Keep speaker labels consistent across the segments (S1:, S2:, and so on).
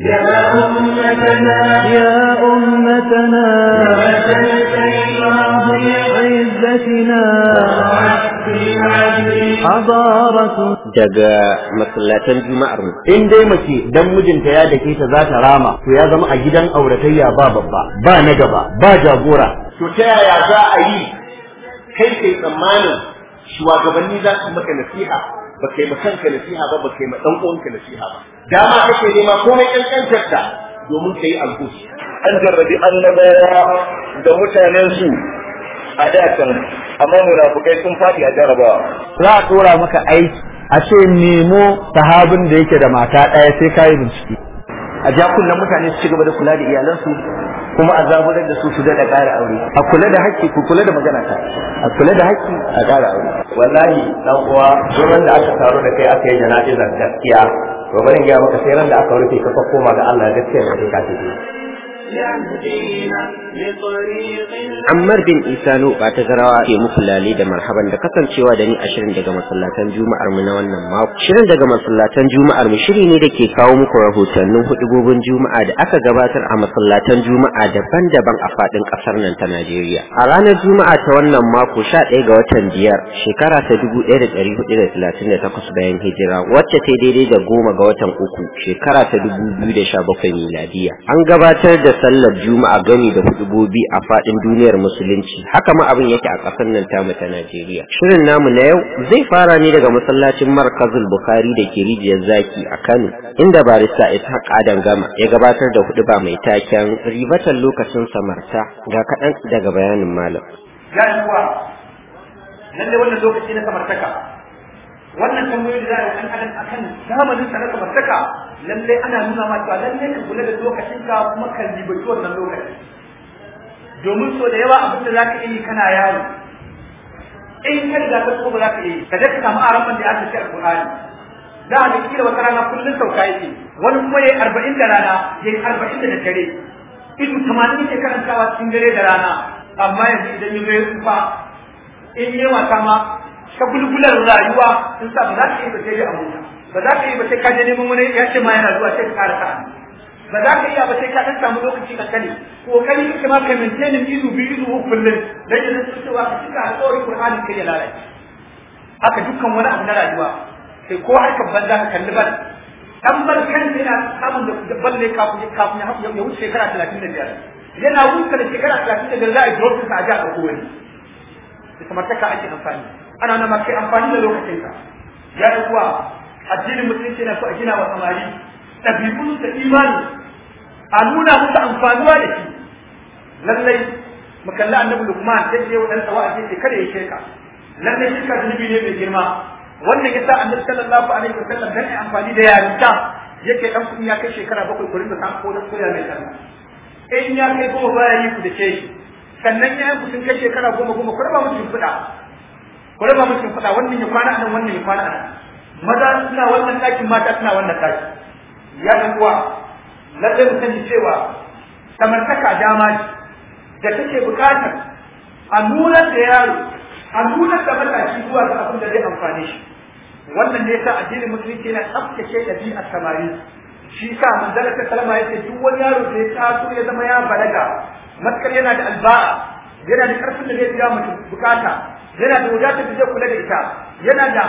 S1: يا أمتنا يا أمتنا عزتنا
S2: daga masallatan juma'ar mu in dai mace dan mijinta ya
S1: dake ta za ta rama to ya zama a gidan auratayya ba babba ba na gaba ba jagora to ta yaya za a yi kai kai tsammanin shugabanni za su maka nasiha ba kai ma kanka nasiha ba ba kai ma dan uwanka nasiha ba dama kake nema komai kanka ta domin kai alkus an jarrabi annabawa da mutanen su a da can amma munafukai sun fadi a jarrabawa. za a tura maka aiki a ce nemo sahabin da yake da mata ɗaya sai kayi bincike a jakunan mutane su ci gaba da kula da iyalansu kuma a zaburar da su su da ƙara aure a kula da haƙƙi ku kula da magana ta a kula da haƙƙi a ƙara aure wallahi dan uwa gurin da aka taro da kai aka yi jana'izar gaskiya to bari in ga maka sai ran da aka rufe ka koma
S2: ga Allah gaskiya da kai ka tafi Ammar bin Isanu ba ta zarawa ke muku lale da marhaban da kasancewa da ni a shirin daga masallatan Juma'ar mu na wannan mako. Shirin daga masallatan Juma'ar mu shiri ne da ke kawo muku rahotannin hudubobin Juma'a da aka gabatar a masallatan Juma'a daban-daban a faɗin ƙasar nan ta Najeriya. A ranar Juma'a ta wannan mako 11 ga watan biyar shekara ta 1438 bayan hijira wacce ta daidai da goma ga watan uku shekara ta 2017 miladiya. An gabatar da sallar juma'a gani da hudubobi a fadin duniyar musulunci haka ma abin yake a kasar nan tamu ta Najeriya shirin namu na yau zai fara ne daga masallacin Markazul Bukhari da ke rijiyar Zaki a Kano inda barista Ishaq Adam Gama ya gabatar da huduba mai taken ribatan lokacin samarta ga kaɗan daga bayanin malam
S1: ya lalle wannan lokaci na samartaka wannan tambayoyi da za a yi akan zamanin sa na samartaka lallai ana nuna ma cewa lallai ka kula da lokacin kuma ka ribaci wannan lokaci domin so da yawa abin da zaka yi kana yaro in ka riga ka so ba za ka yi ka je ka samu aran da aka ce alqur'ani za a kira kila wata rana kullum sauka yake wani kuma yayi arba'in da rana yayi arba'in da dare ido tamanin ke karantawa cikin dare da rana amma yanzu idan yi zai tsufa in yi wata ma bulbular rayuwa in sa ba za ka yi ba sai dai a mota ba za ka yi ba sai ka je neman wani ya ce ma yana zuwa sai ka ƙara sa'a ba za ka iya ba sai ka ɗan samu lokaci ka kane kokari kake ma ka maintainin izu bi izu uku kullum dan yanzu sun cewa ka cika alƙawarin Qur'ani kai ya lalace haka dukkan wani abu na rayuwa sai ko harkar banza ka kalli ban dan ban yana samun da balle kafin kafin ya wuce shekara talatin da biyar yana wuce da shekara talatin da biyar za a yi dole sa a ji a ɗauko wani da ka ake amfani ana nama kai amfani da lokacinka ya ɗaukuwa addinin musulunci na so a gina wa samari ɗabi'un da imani a nuna musu amfanuwa da shi lallai mu kalli annabi lukman kuma ke wadan sawa a ce kada ya sheka lallai shirka zunubi ne mai girma wannan yasa annabi sallallahu alaihi wasallam dan amfani da yarinta yake dan kun ya kai shekara bakwai ku rinka samu kodan koya mai sallah in ya kai goma baya yi ku da shi sannan ya ku sun kai shekara goma goma ku raba musu shimfiɗa ku raba mutum shimfiɗa wannan ya kwana anan wannan ya kwana anan maza suna wannan ɗakin mata suna wannan ɗaki ya uwa lallai mu sani cewa samartaka dama ce da take buƙatar a nuna da yaro a nuna da matashi zuwa ga abin da zai amfane shi wannan ne yasa addinin musulunci yana tsaftace ɗabi'ar samari shi sa manzala ta kalma yace duk wani yaro da ya taso ya zama ya balaga matkar yana da alba'a yana da ƙarfin da zai biya mutum bukata yana da wadatar da zai kula da ita yana da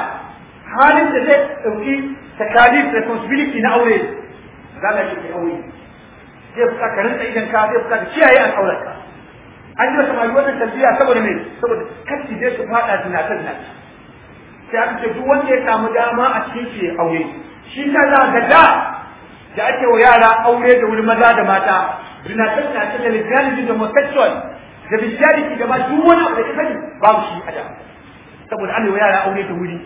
S1: halin da zai ɗauki takalif responsibility na aure za ka shi aure zai fuka ka rinka idan ka zai fuka ka kiyaye aure ka an yi wa samari wannan tarbiyya saboda me saboda kacci zai su faɗa zinatar nan sai aka ce duk wanda ya samu dama a cikin shi aure shi ta za ga da da ake wa yara aure da wuri maza da mata zinatar na ta da lesbianism da homosexual da bestiality da ba duk wani abu da ka fadi babu shi a da saboda an yi wa yara aure da wuri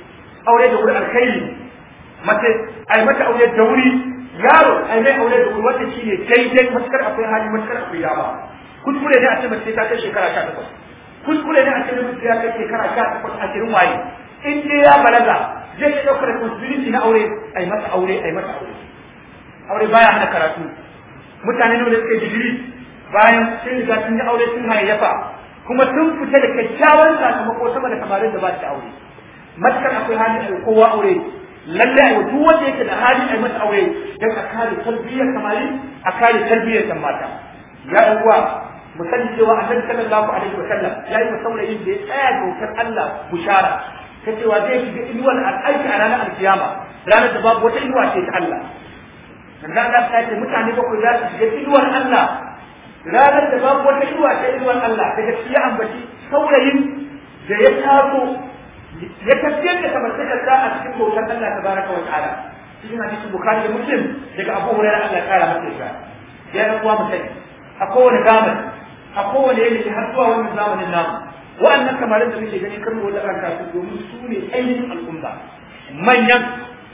S1: aure da wuri alkhairi mace ai mata aure da wuri yaro ai mai aure da wuri wanda shi ne daidai matakar akwai hali matakar akwai dama kuskure ne a ce mace ta kai shekara sha takwas kuskure ne a ce mace ta kai shekara sha takwas cikin waye in dai ya balaga zai iya ɗaukar responsibility na aure ai mata aure ai mata aure aure baya hana karatu mutane ne da suke digiri bayan sun riga sun yi aure sun hayayyafa kuma sun fita da kyakkyawan sakamako sama da samarin da ba su aure matakar akwai halin ai kowa aure lalle ai duk wanda yake da halin ai mata aure dan a kare tarbiyyar samari a kare tarbiyyar kan mata ya ɗan uwa mu sani cewa annabi sallallahu alaihi wasallam ya yi saurayin da ya tsaya dokar Allah bushara ta cewa zai shiga inuwar al'aiki a ranar alkiyama ranar da babu wata inuwa ce ta Allah sannan za ta ce mutane bakwai za su shiga inuwar Allah ranar da babu wata inuwa ce inuwar Allah daga shi ya ambaci saurayin da ya taso ya tafiyar da tabartakar da a cikin bautar Allah ta baraka wa ta'ala cikin hadisin bukhari da muslim daga abu hurairah Allah ya kara masa ya ya ran uwa mutane a kowane zamani a kowane yanki har zuwa wannan zamanin namu wa'annan kamarin da muke gani kan wanda ranka kasu domin su ne ainihin al'umma manyan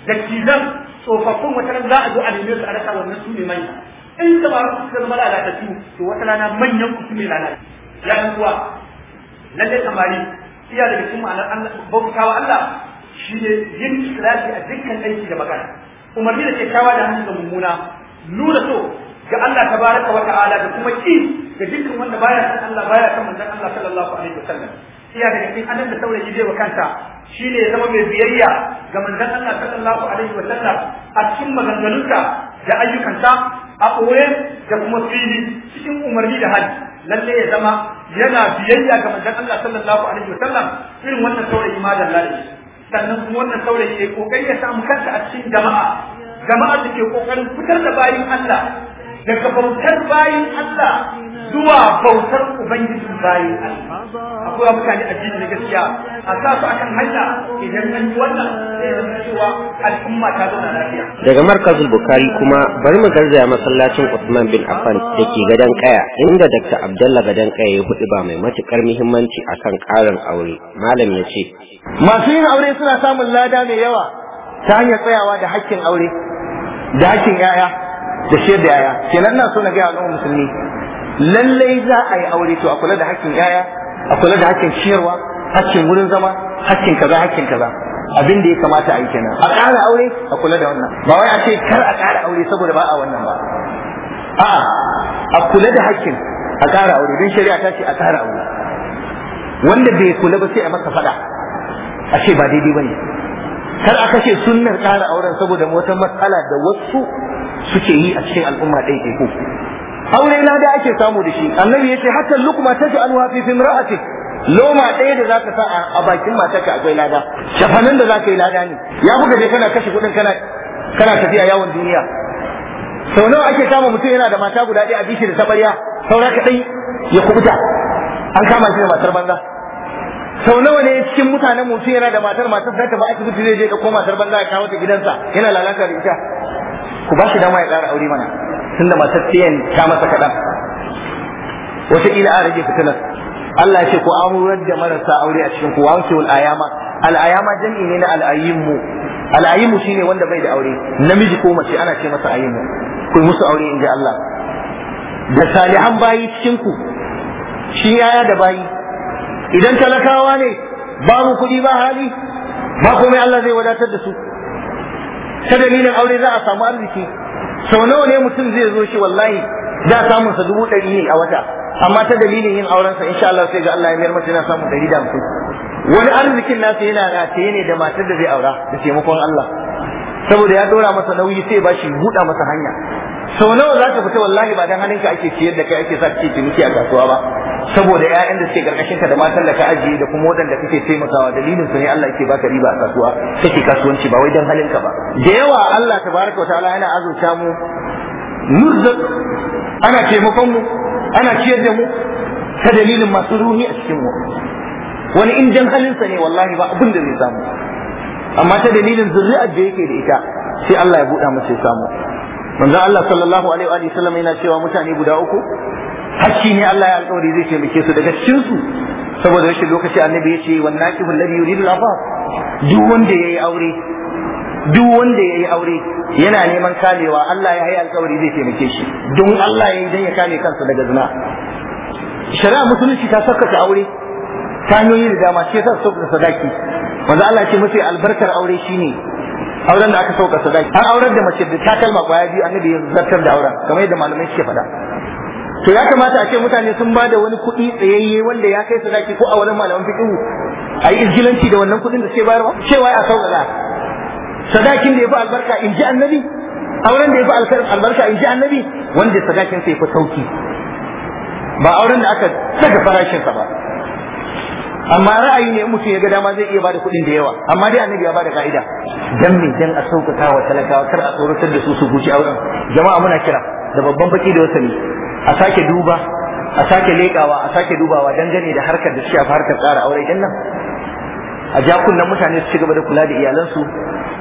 S1: dattizan tsofaffin wata za a zo a neme su a rasa wannan su ne manya in kamarin su zama lalatattu to wata rana manyan ku su ne lalata ya ran kuwa lalle samari iya da cikin ma'anar Allah kawa Allah shi ne yin ikhlasi a dukkan aiki da magana umarni da kyakkyawa da hannu da mummuna nuna so ga Allah tabaraka wa ta'ala da kuma ki da dukkan wanda baya san Allah baya san manzon Allah sallallahu alaihi wasallam iya da cikin adam da saurayi zai wa kanta shi ya zama mai biyayya ga manzon Allah sallallahu alaihi wasallam a cikin maganganunsa da ayyukansa a da kuma fili cikin umarni da hali lalle ya zama yana biyayya ga manzon Allah sallallahu alaihi wasallam irin wannan saurayi ma da sannan kuma wannan saurayi ke kokari ya samu kanta a cikin jama'a jama'a da ke kokarin fitar da bayin Allah daga bautar bayin Allah zuwa bautar ubangiji bayan Allah akwai mutane addini na gaskiya a sa su akan hanya idan an yi wannan sai zama cewa al'umma ta zauna lafiya daga markazin bukari kuma
S2: bari mu garzaya masallacin Usman bin Affan da ke gadon kaya inda Dr. Abdullah gadon kaya ya huɗu ba mai matukar muhimmanci akan karin aure malam ya ce
S1: masu yin aure suna samun lada mai yawa ta hanyar tsayawa da hakkin aure da hakkin yaya da shirya yaya kenan ina so na ga al'ummar musulmi lallai za a yi aure to a kula da hakkin yaya a kula da hakkin ciyarwa hakkin wurin zama hakkin kaza hakkin kaza abin da ya kamata a yi kenan a ƙara aure a kula da wannan ba wai a ce kar a ƙara aure saboda ba a wannan ba a'a a kula da hakkin a ƙara aure don shari'a ta ce a ƙara aure wanda bai kula ba sai a masa faɗa a ce ba daidai ba ne kar a kashe sunnar ƙara auren saboda wata matsala da wasu suke yi a cikin al'umma ɗaya ko aure da ake samu da shi annabi yace hatta lukma taj'aluha fi imra'atik loma ɗaya da zaka sa a bakin matarka akwai lada shafanin da zaka yi lada ne ya buga dai kana kashe kuɗin kana kana tafiya yawon duniya sau nawa ake kama mutum yana da mata guda ɗaya a bishi da sabariya saura kaɗai ya kubuta an kama shi da matar banza sau nawa ne cikin mutanen mutum yana da matar matar zata ba asibiti zai je koma matar banza ya kawo ta gidansa yana lalata da ita ku ba shi dama ya ƙara aure mana tunda matar tiyan ta masa kaɗan wataƙila a rage fitinar Allah ya ce ku amurar da marasa aure a cikin ku wanke wal ayama al ayama jami'i ne na al ayyimu al ayyimu shine wanda bai da aure namiji ko mace ana ce masa ayyimu ku musu aure inda Allah da salihan bayi cikin ku shi yaya da bayi idan talakawa ne babu kuɗi ba hali ba komai Allah zai wadatar da su ta dalilin aure za a samu arziki sau nawa ne mutum zai zo shi wallahi da samun sa dubu ɗari ne a wata amma ta dalilin yin auren sa insha Allah sai ga Allah ya mayar masa yana samun ɗari da hamsin wani arzikin nasa yana ta ne da matar da zai aura da taimakon Allah saboda ya dora masa nauyi sai ba shi buɗa masa hanya sau nawa za ka fita wallahi ba dan halinka ake ciyar da kai ake sa ke ciniki a kasuwa ba saboda ƴaƴan da suke karkashin ka da matan da ka ajiye da kuma waɗanda kake taimakawa dalilin su ne Allah yake baka riba a kasuwa kake kasuwanci ba wai dan halin ka ba da yawa Allah tabaraka wa yana azurta mu nurzuk ana taimakon mu ana ciyar da mu ta dalilin masu ruhi a cikin mu wani in dan halinsa ne wallahi ba abin da zai samu amma ta dalilin zuri'ar da yake da ita sai Allah ya buɗa masa ya samu manzo Allah sallallahu alaihi wa sallam yana cewa mutane guda uku hakki ne Allah ya alƙawari zai taimake su daga cikin su saboda rashin lokaci annabi ya ce wannan nakihul ladhi yuridu al-afaf duk wanda yayi aure duk wanda yayi aure yana neman kalewa Allah ya yi alƙawari zai taimake shi don Allah ya yi dan ya kame kansa daga zina shari'a musulunci ta sakkata aure ta hanyoyi da dama ce ta saka sadaki wanda Allah ce mace albarkar aure shine auren da aka sauka sadaki an aurar da mace da kalma kwaya biyu annabi ya zartar da auren kamar yadda malamai suke faɗa to ya kamata a ce mutane sun ba da wani kuɗi tsayayye wanda ya kai sadaki ko a wani malaman fiqhu a yi izgilanci da wannan kuɗin da suke bayarwa cewa a sauƙaƙa sadakin da ya fi albarka in ji annabi auren da ya fi albarka in ji annabi wanda sadakin sai fi sauki ba auren da aka daga farashinsa ba amma ra'ayi ne mutum ya ga dama zai iya bada kuɗin da yawa amma dai annabi ya bada ka'ida dan mai dan a sauƙaƙa wa talakawa kar a tsoratar da su su guji auren jama'a muna kira da babban baki da wasani a sake duba a sake leƙawa a sake dubawa dangane da harkar da shafa harkar tsara aure din nan a ja kunnan mutane su ci gaba da kula da iyalansu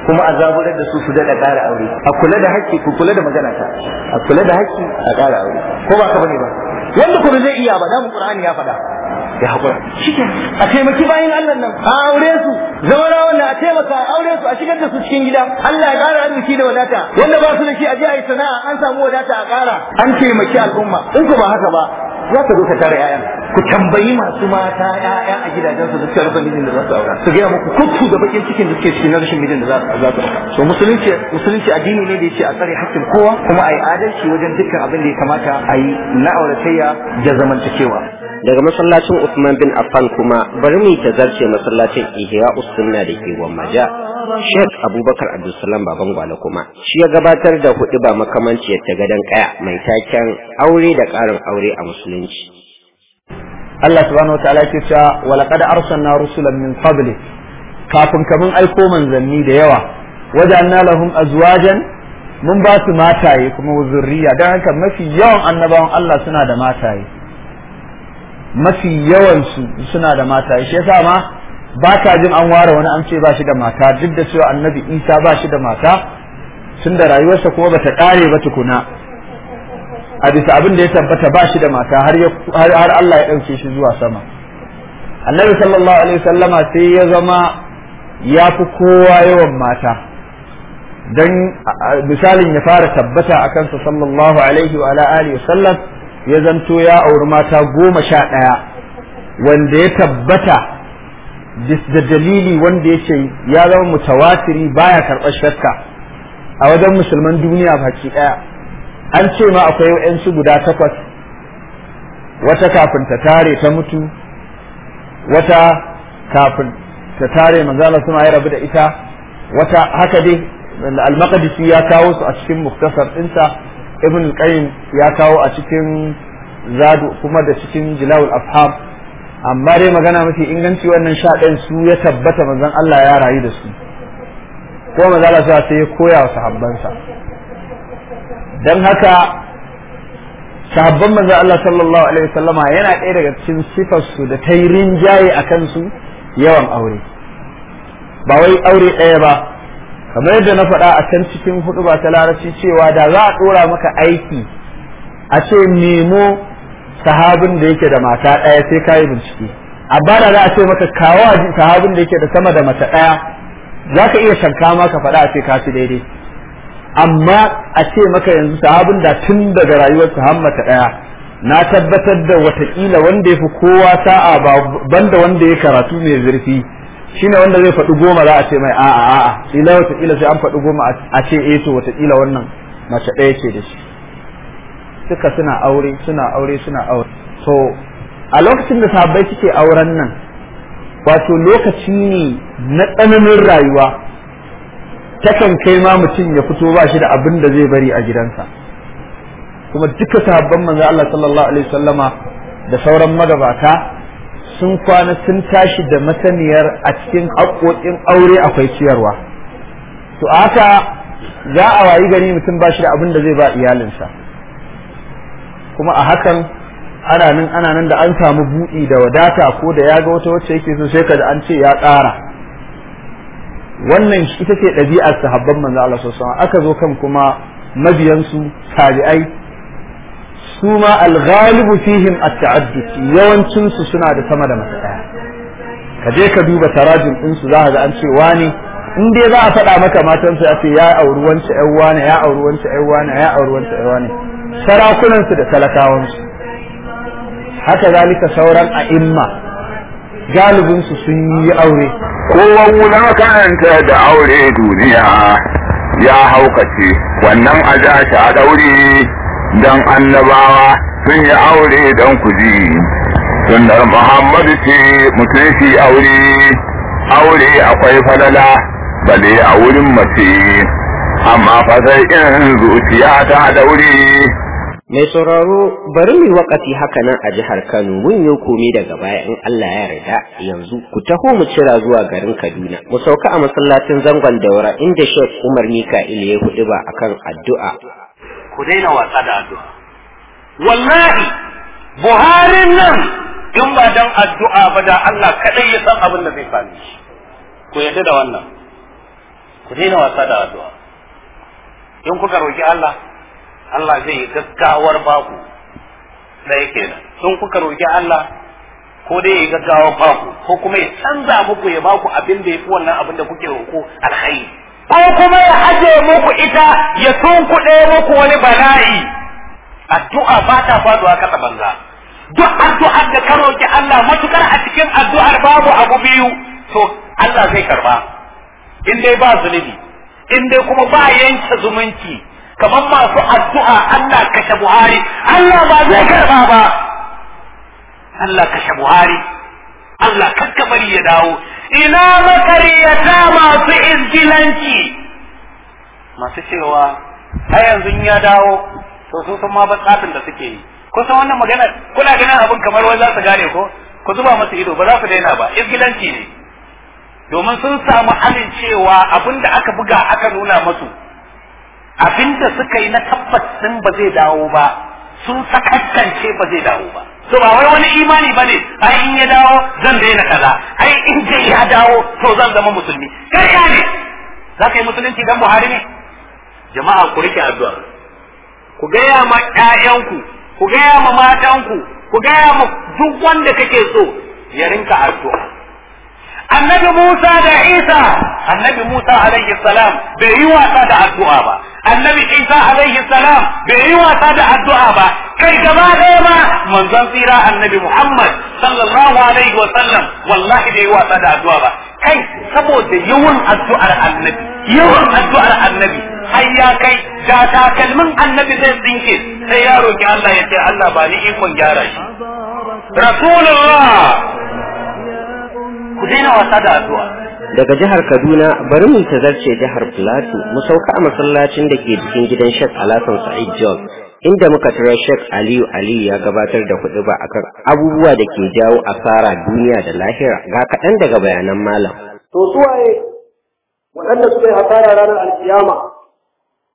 S1: kuma a zaburar da su su daɗa ƙara aure a kula da haƙƙi ku kula da magana ta a kula da haƙƙi a ƙara aure ko ba ka bane ba wanda kuma zai iya ba da mu Qur'ani ya faɗa ya haƙura a taimaki bayan Allah nan a aure su zamana wannan a taimaka a aure su a shigar da su cikin gida Allah ya ƙara arziki da wadata wanda ba su da shi a ji a yi sana'a an samu wadata a ƙara an taimaki al'umma in ku ba haka ba za ka zo ka tara 'ya'yan ku tambayi masu mata 'ya'ya a gidajen su suka rasa mijin da za su aura su gaya muku kutu da bakin cikin da suke cikin rashin mijin da za su aura so musulunci musulunci addini ne da ya ce a tsare haƙƙin kowa kuma a yi adalci
S2: wajen dukkan abin da ya kamata a yi na auratayya da zamantakewa daga masallacin Usman bin Affan kuma bari mu ta zarce masallacin Ihya Usunna da ke Gwammaja Sheikh Abubakar Abdulsalam baban gwala kuma shi ya gabatar da hudu ba makamanci ta gadan kaya mai taken aure da karin aure a musulunci Allah subhanahu
S1: wataala ke cewa wa laqad arsalna rusulan min qabli kafin kamun aiko manzanni da yawa wajanna lahum azwajan mun ba su mataye kuma zurriya dan haka mafi yawan annabawan Allah suna da mataye mafi yawansu suna da mata shi yasa ma ba ta jin an ware wani an ce ba shi da mata duk da cewa annabi isa ba shi da mata tun da rayuwarsa kuma bata kare ba tukuna a bisa abin da ya tabbata ba shi da mata har Allah ya ɗauke shi zuwa sama annabi sallallahu alaihi sallama sai ya zama ya fi kowa yawan mata dan misalin ya fara tabbata a kansa sallallahu alaihi wa ala alihi sallam ya zanto ya auri mata goma sha ɗaya wanda ya tabbata da dalili wanda ya ce ya zama mutawatiri baya karɓar shakka a wajen musulman duniya baki ɗaya an ce ma akwai 'Yansu guda takwas wata kafin ta tare ta mutu wata kafin ta tare manzala suna ya rabu da ita wata haka dai al-maqdisi ya kawo su a cikin muktasar ɗinsa ibn al-qayyim ya kawo a cikin zadu kuma da cikin jilawul afham amma dai magana mafi inganci wannan sha ɗayan su ya tabbata manzon Allah ya rayu da su ko maza Allah sai ya koya wa sahabbansa dan haka sahabban manzon Allah sallallahu alaihi wasallama yana ɗaya daga cikin sifar su da ta yi rinjaye akan su yawan aure ba wai aure ɗaya ba kamar yadda na faɗa a can cikin hudu ba ta larabci cewa da za a ɗora maka aiki a ce nemo sahabin da yake da mata ɗaya sai ka yi bincike A bada za a ce maka kawo a sahabin da yake da sama da mata ɗaya za ka iya shanka ma ka faɗa a ce ka fi daidai amma a ce maka yanzu sahabin da tun daga rayuwar har mata ɗaya na tabbatar da watakila wanda ya fi kowa sa'a ba banda wanda ya karatu mai zurfi shine wanda zai faɗi goma za a ce mai a'a a'a ila wata kila sai an faɗi goma a ce eh to wata kila wannan mace ɗaya ce da shi Suka suna aure suna aure suna aure so a lokacin da sabai suke auren nan wato lokaci ne na tsananin rayuwa takan kai ma mutum ya fito ba shi da abin da zai bari a gidansa kuma duka sahabban manzo Allah sallallahu alaihi wasallama da sauran magabata sun kwana sun tashi da masaniyar a cikin haƙoƙin aure akwai ciyarwa to haka za a wayi gani mutum ba shi da abin da zai ba iyalinsa kuma a hakan ana nan ana nan da an samu buɗi da wadata ko da ya ga wata wacce yake so sai ka da an ce ya ƙara wannan ita ce ɗabi'ar sahabban manzo Allah sallallahu alaihi wasallam aka zo kan kuma mabiyansu tabi'ai su ma alghalibu fihim at-ta'addud yawancin su suna da sama da mata daya ka je ka duba tarajin din su zaka ga an ce wani in dai za a faɗa maka matan su ce ya auri wancan ƴan wani ya auri wancan ƴan wani ya auri wancan ƴan wani sarakunan su da talakawan su haka zalika sauran a'imma
S3: galibin su sun yi aure kowa wulakanta da aure duniya ya haukace wannan a a daure dan annabawa sun yi aure dan kuji sunnar muhammadu ce mutum shi aure aure akwai falala bale a wurin mace amma fa sai zuciya ta daure
S2: mai sauraro bari mu wakati nan a jihar Kano mun yi komai daga baya in Allah ya rida yanzu ku taho mu cira zuwa garin Kaduna mu sauka a masallacin zangon daura inda Sheikh Umar Mika'il ya hudu ba akan addu'a
S1: ku daina wasa da addu'a wallahi buharin nan in ba dan addu'a ba da Allah kadai ya san abin da zai faru ku yadda da wannan ku daina wasa da addu'a in kuka roki Allah Allah zai yi gaggawar baku ɗaya kenan in kuka roki Allah ko dai ya gaggawa baku ko kuma ya canza muku ya baku abin da ya fi wannan abin da kuke roƙo alkhairi ko kuma ya aje muku ita ya tunkuɗe muku wani bala'i addu'a ba ta faduwa kasa banza duk addu'ar da ka roki Allah matukar a cikin addu'ar babu abu biyu to Allah zai karba in dai ba zunubi in dai kuma ba yanke zumunci kamar masu addu'a Allah kashe Buhari Allah ba zai karba ba Allah kashe Buhari Allah kakkabari ya dawo ina makaryata masu izgilanci masu cewa har yanzu ya dawo to su sun ma batsafin da suke yi kusan wannan magana kuna ganin abin kamar wai za su gane ko ku zuba masu ido ba za su daina ba izgilanci ne domin sun samu amincewa abin da aka buga aka nuna masu abin da suka yi na tabbas sun ba zai dawo ba sun sakaskance ba zai dawo ba to ba wai wani imani bane ai in ya dawo zan daina kaza ai in je ya dawo to zan zama musulmi kai ya ne za ka yi musulunci dan buhari ne jama'a ku rike addu'a ku gaya ma ƴaƴanku ku gaya ma matanku ku gaya ma duk wanda kake so ya rinka addu'a annabi Musa da Isa annabi Musa alaihi salam bai yi wasa da addu'a ba annabi Isa alaihi salam bai yi wasa da addu'a ba kai gaba ɗaya ma manzon tsira annabi Muhammad sallallahu alaihi wa sallam wallahi bai yi wasa da addu'a ba kai saboda yawan addu'ar annabi yawan addu'ar annabi har ya kai da takalmin annabi zai tsinke sai ya roki Allah ya ce Allah ba ni ikon gyara shi rasulullah ku daina wasa da addu'a
S2: daga jihar Kaduna bari mu tazarce jihar Plateau mu sauka a masallacin da ke cikin gidan Sheikh Alasan Sa'id John inda muka tara Sheikh Aliyu Aliyu ya gabatar da kuɗi ba akan abubuwa da ke jawo asara duniya da lahira ga kaɗan daga bayanan malam.
S1: To suwaye waɗanda suka yi asara ranar alkiyama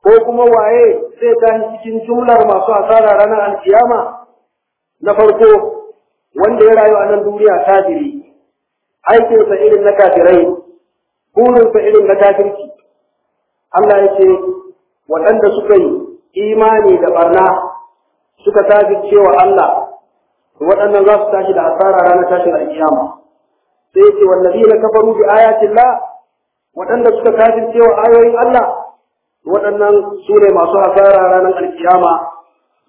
S1: ko kuma waye zai tashi cikin jumlar masu asara ranar alkiyama na farko wanda ya rayu a nan duniya tajiri aikinsa irin na kafirai burinsa irin na kafirci Allah ya ce waɗanda suka yi imani da barna suka tafi cewa Allah waɗannan za su tashi da asara ranar tashin alkiyama sai yake wallazi na kafaru bi ayatin la waɗanda suka kafin cewa ayoyin Allah waɗannan su ne masu asara ranar alkiyama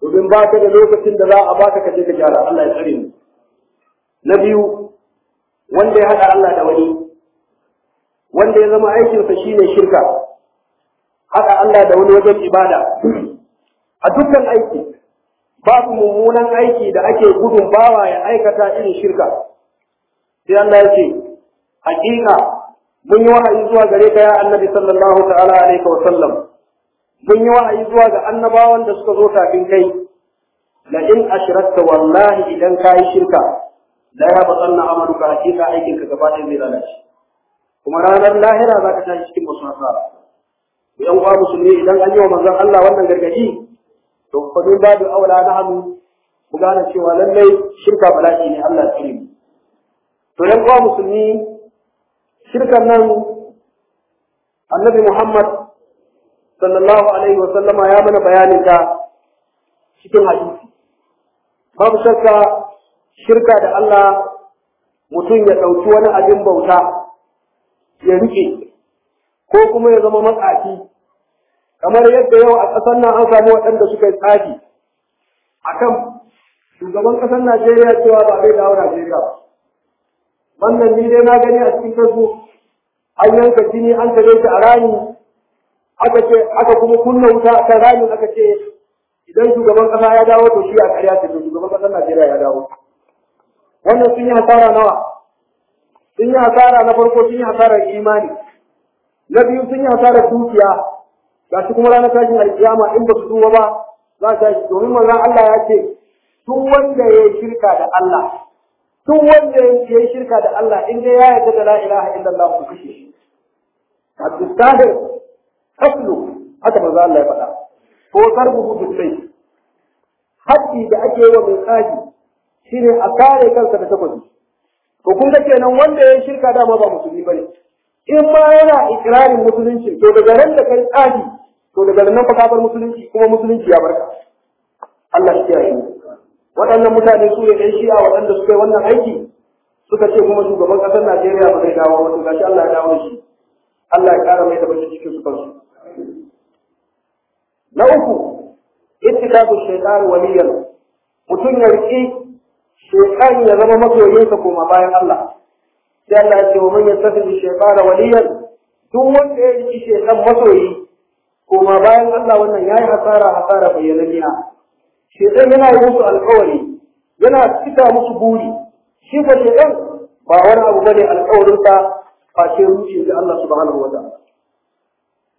S1: domin ba ka da lokacin da za a baka ka je ka gyara Allah ya tsare ni, na biyu wanda ya haɗa Allah da wani wanda ya zama aikinsa shine shirka haɗa Allah da wani wajen ibada a dukkan aiki babu mummunan aiki da ake gudun bawa ya aikata irin shirka sai Allah ya ce hakika mun yi wahayi zuwa gare ka ya annabi sallallahu ta'ala alaihi wa sallam mun yi wahayi zuwa ga annabawan da suka zo kafin kai la in ashrakta wallahi idan kai shirka la ya batsanna amaluka hakika aikin ka gaba ɗaya zai lalace kuma ranar lahira za ka tashi cikin wasu nasara Idan uwa musulmi idan an yi wa manzon Allah wannan gargadi to fa min babu aula na hannu ku gane cewa lallai shirka bala'i ne Allah ya tsare mu to yan uwa musulmi shirkan nan annabi Muhammad sallallahu alaihi wa sallama ya mana bayanin ta cikin hadisi babu shakka shirka da Allah mutum ya ɗauki wani abin bauta ya rike ko kuma ya zama matsafi kamar yadda yau a ƙasar nan an samu waɗanda suka yi tsafi kan shugaban ƙasar Najeriya cewa ba zai dawo Najeriya ba wannan ni dai na gani a cikin kasu. an yanka jini an tare shi a rami aka ce aka kuma kunna wuta a kan rami aka ce idan shugaban ƙasa ya dawo to shi a ƙarya ce to shugaban ƙasar Najeriya ya dawo wannan sun yi hasara nawa sun yi hasara na farko sun yi hasarar imani na biyu sun yi hasara dukiya ga shi kuma ranar tashin alkiyama in ba su duba ba za ta shi domin manzon Allah ya ce Tun wanda ya yi shirka da Allah tun wanda ya yi shirka da Allah in dai ya yarda da la ilaha illallah ku kashe shi Abdulkahir kaslu haka manzon Allah ya faɗa ko zarbu bi sai haƙƙi da ake yi wa mai tsaji ne a kare kansa da takobi ko kun ga kenan wanda ya shirka dama ba musulmi bane in ma yana ikirarin musulunci to daga ran da kai tsadi to daga nan fa kafar musulunci kuma musulunci ya barka Allah ya yi mu waɗannan mutane su ne ɗan shi'a waɗanda suka yi wannan aiki suka ce kuma shugaban ƙasar Najeriya ba zai dawo ba to gashi Allah ya dawo shi Allah ya ƙara mai da bakin cikin su kansu na uku ittikazu shaytan waliyan mutum ya shaytan ya zama masoyinsa koma bayan Allah sai Allah ya ce wa man yattakhidhu shaytana waliyan duk wanda ya yi shaytan masoyi koma bayan Allah wannan ya yi hasara hasara bayyananniya shaytan yana yi musu alƙawari yana cika musu buri shi ba shaytan ba wani abu bane alƙawarinsa face rushe da Allah subhanahu wa ta'ala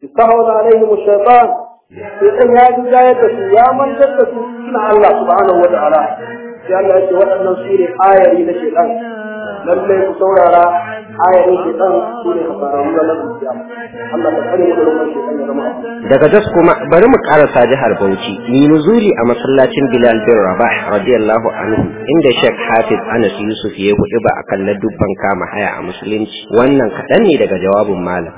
S3: istahawza alaihim ash sai ya riga da su ya mantar da su suna Allah subhanahu wata'ala sai Allah ya ce waɗannan su ne ayari na shaitan lallai ku saurara ayarin shaitan su ne kasararru na lafiya Allah ka tsare da ruwan shaitan ya zama
S2: daga das kuma bari mu karasa jihar Bauchi ni nuzuri a masallacin Bilal bin Rabah radiyallahu anhu inda Sheikh Hafiz Anas Yusuf ya kuɗi ba a akan ladubban kama haya a musulunci wannan kaɗan ne daga jawabin malam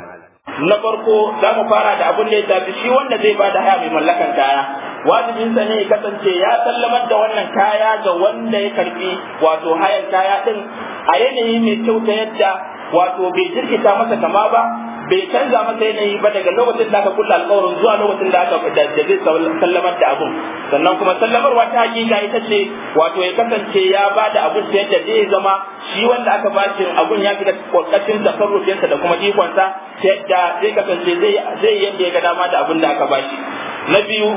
S1: na farko za mu fara da abin da ya shafi shi wanda zai ba da haya mai mallakan kaya wajibinsa ne ya kasance ya sallamar da wannan kaya ga wanda ya karbi wato hayan kaya din a yanayi mai kyau ta yadda wato bai jirkita masa kama ba bai canza masa yanayi ba daga lokacin da aka kulle alƙawarin zuwa lokacin da aka da zai sallamar da abun sannan kuma sallamarwa ta hakika ita ce wato ya kasance ya ba da abun ta yadda zai zama shi wanda aka ba shi abun ya da kokacin sa da kuma ikonsa ta yadda zai kasance zai yadda ya ga dama da abun da aka ba shi na biyu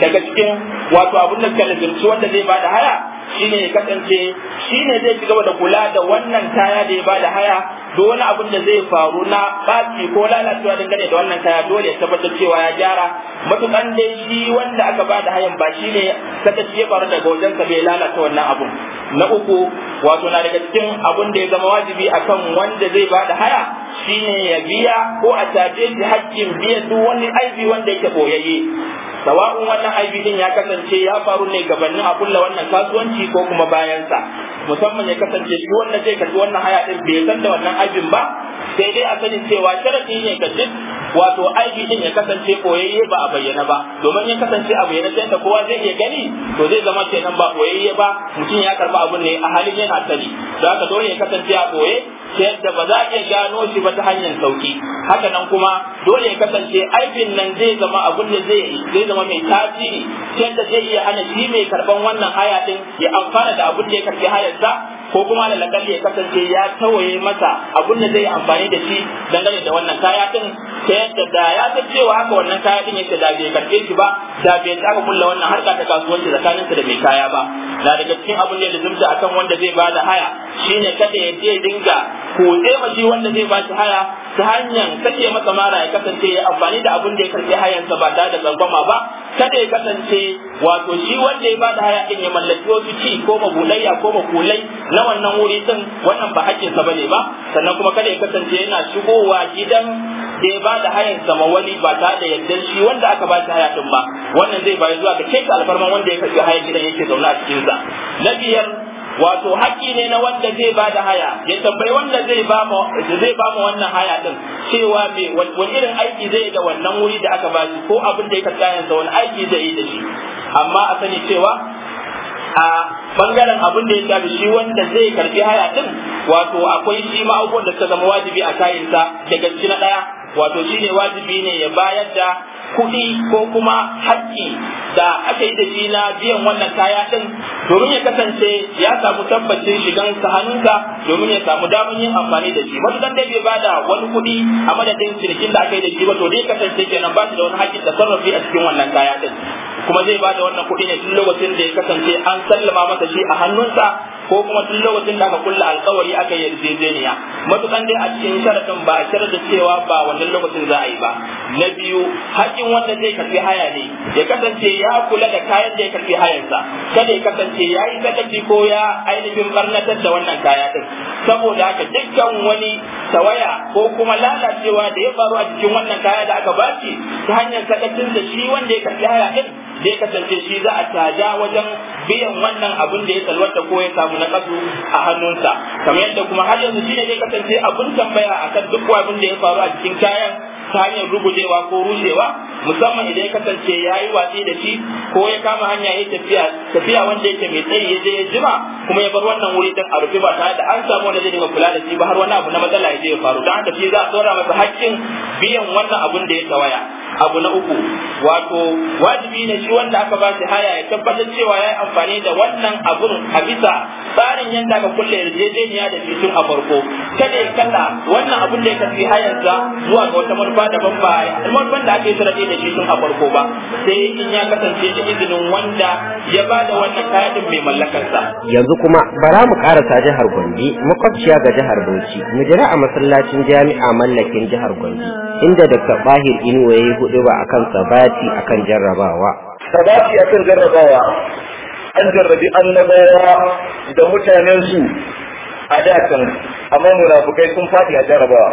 S1: daga cikin wato abun da kalibirci wanda zai ba da haya shine ya kasance shine zai ci gaba da kula da wannan kaya da ya ba da haya duk wani abun da zai faru na ɓaci ko lalacewa dangane da wannan kaya dole ya tabbatar cewa ya gyara matukan dai shi wanda aka ba da hayan ba shi ne sakaci ya faru daga wajen sa bai lalata wannan abun na uku wato na daga cikin abun da ya zama wajibi akan wanda zai ba da haya shine ya biya ko a tafe shi haƙƙin biyan duk wani aibi wanda yake boyayye sawa'un wannan aibi din ya kasance ya faru ne gabanin a kulla wannan kasuwanci ko kuma bayansa musamman ya kasance shi wanda zai karbi wannan haya din bai san da wannan abin ba sai dai a sani cewa sharadi ne ka duk wato aiki din ya kasance koyayye ba a bayyana ba domin ya kasance a bayyana sai ta kowa zai iya gani to zai zama kenan ba koyayye ba mutum ya karba abun ne a halin yana sani don haka dole ya kasance a koye ta da ba za a iya gano shi ba ta hanyar sauki haka nan kuma dole ya kasance aibin nan zai zama abun da zai zai zama mai tasiri sai da zai iya hana shi mai karban wannan haya din ya amfana da abun da ya karbi hayarsa ko kuma da lakalli ya kasance ya tawaye masa abun da zai amfani da shi dangane da wannan kaya din ta yadda da ya san cewa haka wannan kaya din yake da bai karfe shi ba da bai taka kulla wannan harka ta kasuwanci sa da mai kaya ba na daga cikin abun da ya zumta akan wanda zai ba da haya shine kada ya je dinga kotse ma shi wanda zai ba shi haya ta hanyar kace masa mara ya kasance ya amfani da abun da ya karfe hayansa ba tare da tsangwama ba kada ya kasance wato shi wanda ya ba da haya ɗin ya mallaki wasu ci ko magulayya ko makulai na wannan wuri din wannan ba hakkin sa bane ba sannan kuma kada ya kasance yana shigowa gidan da ya ba da hayan sama wani ba ta da yadda. shi wanda aka ba shi haya ɗin ba wannan zai bayar zuwa ga keka alfarma wanda ya karbi hayan gidan yake zaune a cikin sa na biyar wato haƙƙi ne na wanda zai ba da haya ya tambayi wanda zai ba mu wannan haya din cewa me wani irin aiki zai yi da wannan wuri da aka ba shi ko abin da ya karɓa yansa wani aiki zai yi da shi amma a sani cewa a bangaren abin da ya shafi shi wanda zai karɓi haya din wato akwai shi ma abubuwan da suka zama wajibi a kayansa da gaske na ɗaya wato shine wajibi ne ya bayar da kuɗi ko kuma haƙƙi da aka yi da shi na biyan wannan kaya ɗin domin ya kasance ya samu tabbacin shigan sa hannunka domin ya samu damar yin amfani da shi dan dai bai da wani kuɗi a madadin cinikin da aka yi da shi ba to dai kasance kenan ba shi da wani haƙƙin sarrafi a cikin wannan kaya ɗin kuma zai ba da wannan kuɗi ne tun lokacin da ya kasance an sallama masa shi a hannunsa ko kuma duk lokacin da aka kulla alƙawari aka yi yarjejeniya matukan dai a cikin sharaɗin ba a da cewa ba wannan lokacin za a yi ba na biyu haƙƙin wanda zai karfi haya ne ya kasance ya kula da kayan da ya karfi hayarsa kada ya kasance ya yi sakaci ko ya ainihin barnatar da wannan kaya din saboda haka dukkan wani tawaya ko kuma lalacewa da ya faru a cikin wannan kaya da aka ba shi, ta hanyar sakacin da shi wanda ya karfi haya din zai kasance shi za a caja wajen biyan wannan abin da ya salwata ko ya samu na kasu a hannunsa kamar yadda kuma har yanzu shi ne zai kasance abin tambaya akan duk abin da ya faru a cikin kayan ta hanyar rugujewa ko rushewa musamman idan ya kasance ya yi watsi da shi ko ya kama hanya ya tafiya tafiya wanda yake mai tsayi ya je ya jima kuma ya bar wannan wuri don a rufe ba tare da an samu wanda zai dinga kula da shi ba har wani abu na matsala ya je ya faru don haka shi za a tsora masa haƙƙin biyan wannan abun da ya tawaya abu na uku wato wajibi ne shi wanda aka ba shi haya ya tabbatar cewa ya yi amfani da wannan abun a bisa tsarin yadda aka kulle yarjejeniya da shi tun a farko kada ya kalla wannan abun da ya tafi hayarsa zuwa ga wata manufa daban ba manufan da ake yi da shi tun a farko ba sai in ya kasance da izinin wanda ya ba da wannan kayan mai mallakarsa
S2: yanzu kuma bara mu karasa jihar Gombe makwabciya ga jihar Bauchi mu jira a masallacin jami'a mallakin jihar Gombe inda Dr. Bahir Inuwa ya yi hudu ba akan sabati akan jarrabawa
S1: sabati akan jarrabawa an jarrabi annabawa da mutanensu a dakan amma munafukai sun faɗi a jarrabawa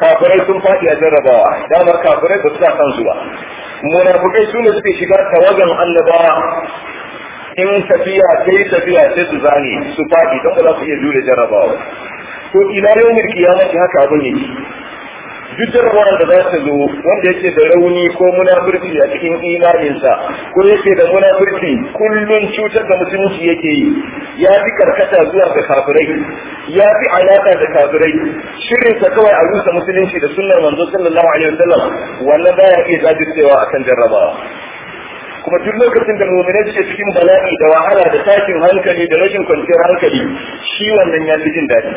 S1: kafirai sun faɗi a jarrabawa damar kafirai ba su sa kansu ba munafukai su ne suke shiga tawagan annabawa in tafiya sai tafiya sai su zane su faɗi don ba za su iya jure jarrabawa to ina yau mulki ya haka abin yake duk jarrabawar da za ta zo wanda yake da rauni ko munafurci a cikin imaninsa ko yake da munafurci kullum cutar da musulunci yake yi ya fi karkata zuwa ga kafirai ya fi alaka da kafirai shirinsa kawai a rusa musulunci da sunnar manzo sallallahu alaihi wasallam wannan baya zabi cewa akan jarrabawa kuma duk lokacin da mu'minai suke cikin bala'i da wahala da tashin hankali da rashin kwanciyar hankali shi wannan ya fi jin daɗi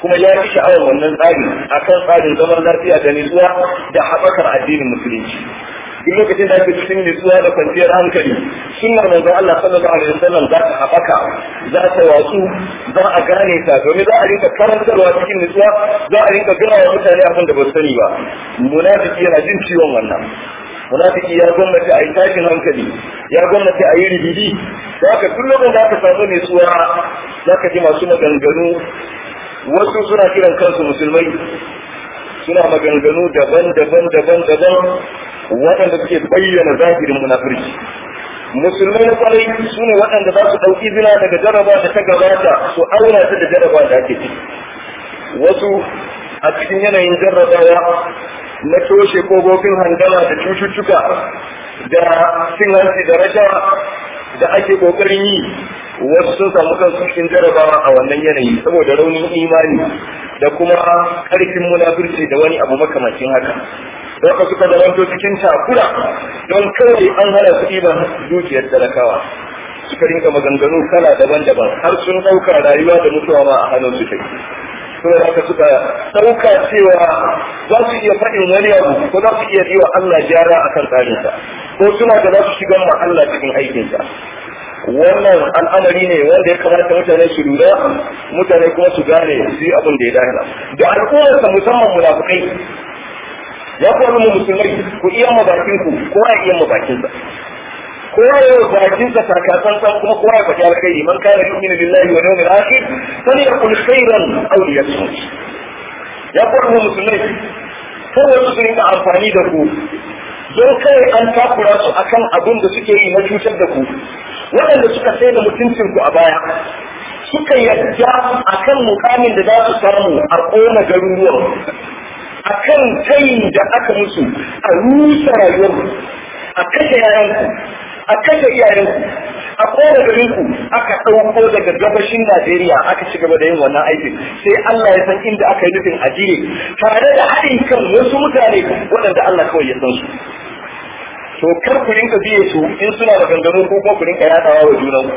S1: kuma ya fi sha'awar wannan tsari akan tsarin zaman lafiya da nutsuwa da haɓakar addinin musulunci duk lokacin da ake cikin nutsuwa da kwanciyar hankali nan manzon Allah sallallahu alaihi wasallam za ta haɓaka za ta watsu za a gane ta domin za a rinka karantarwa cikin nutsuwa za a rinka gina wa mutane abin da ba sani ba munafiki yana jin ciwon wannan munafiki ya gwamnati a yi tashin hankali ya gwamnati a yi ribidi da haka duk lokacin da aka samu ne suwa za ka ji masu maganganu wasu suna kiran kansu musulmai suna maganganu daban daban daban daban waɗanda suke bayyana zahirin munafurci musulmai na kwarai su ne waɗanda za su ɗauki zina daga jaraba da ta gabata su auna ta da jaraba da ake ciki wasu a cikin yanayin jarrabawa na toshe kogofin handama da cututtuka da cin hanci da raja da ake kokarin yi wasu sun samu kansu cikin jarabawa a wannan yanayi saboda raunin imani da kuma karfin munafurci da wani abu makamakin haka ka suka zamanto cikin takura don kawai an hana su ɗiban dukiyar talakawa suka rinka maganganu kala daban-daban har sun ɗauka rayuwa da mutuwa ma a hannun su take saboda haka suka sauka cewa za su iya faɗin wani abu ko za su iya yi wa Allah gyara akan tsarinsa ko suna da za su shiga ma Allah cikin aikinsa wannan al'amari ne wanda ya kamata mutane su lura mutane kuma su gane su yi abin da ya dace da al'ummarsa musamman munafukai ya kuwa zama musulmai ku iya mabakin ku ko ya iya mabakin kowa ya yi bakin sa takatsantsan kuma kowa ya faɗi alkhairi man kana yu'minu billahi wal yawmil akhir falyaqul khairan aw liyasmut ya kuma musulmai kowa su rinka amfani da ku don kai an takura su akan abin da suke yi na cutar da ku waɗanda suka sai da mutuncin ku a baya suka yarda akan mukamin da za su samu a ƙona garuruwan a kan tayin da aka musu a rusa rayuwar a kashe yayanku a kashe iyayenku a kowane ku aka ɗauko daga gabashin Najeriya aka ci gaba da yin wannan aikin sai Allah ya san inda aka yi nufin ajiye tare da haɗin kan wasu mutane waɗanda Allah kawai ya san su. To kar ku rinka biye su in suna da gangano ko kuma ku rinka yaɗawa wa ku.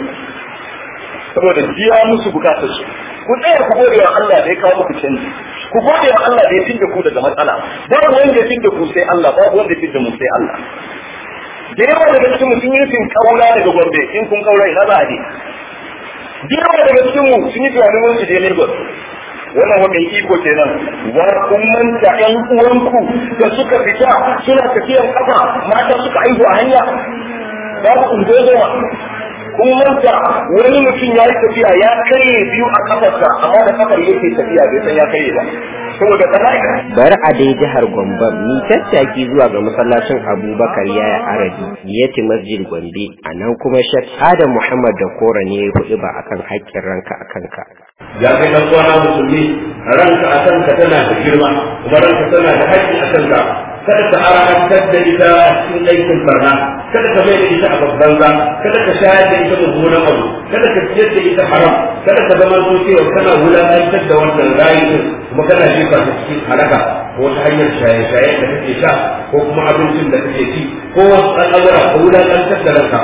S1: Saboda biya musu bukatar su. Ku tsaya ku gode wa Allah da ya kawo muku canji. Ku gode wa Allah da ya tinda ku daga matsala. Babu wanda ya tinda ku sai Allah, babu wanda ya tinda mu sai Allah. da yawa daga cikin mu sun yi nufin kaula daga gombe in kun kaula ina za a je da yawa daga cikin mu sun yi tunanin wani je lagos wannan wani iko kenan wa kun manta uwanku da suka fita suna tafiyar kafa mata suka aihu a hanya babu ungozo wanda wani mutum ya yi tafiya ya karye biyu a kafarsa amma da kafar yake tafiya bai san ya karye ba saboda bala'i
S2: bari a dai jihar Gombe ni tattaki zuwa ga masallacin Abubakar Yaya Arabi Yati Masjid Gombe a nan kuma shek Adam Muhammad da Kora ne ya kuɗi ba akan haƙƙin ranka a kanka
S1: ya kai na uwana musulmi ranka a kanka tana da girma kuma ranka tana da haƙƙi a kanka kada ta arantar da ita a cikin aikin barna kada ka mai ita a babban za kada ka shayar da ita mummunan abu kada ka ciyar da ita haram kada ka zama so cewa kana wulaƙantar da wannan rayu kuma kana jefa ta cikin halaka ko ta hanyar shaye-shaye da kake sha ko kuma abincin da kake ci ko wasu al'amura ka wulaƙantar da ranka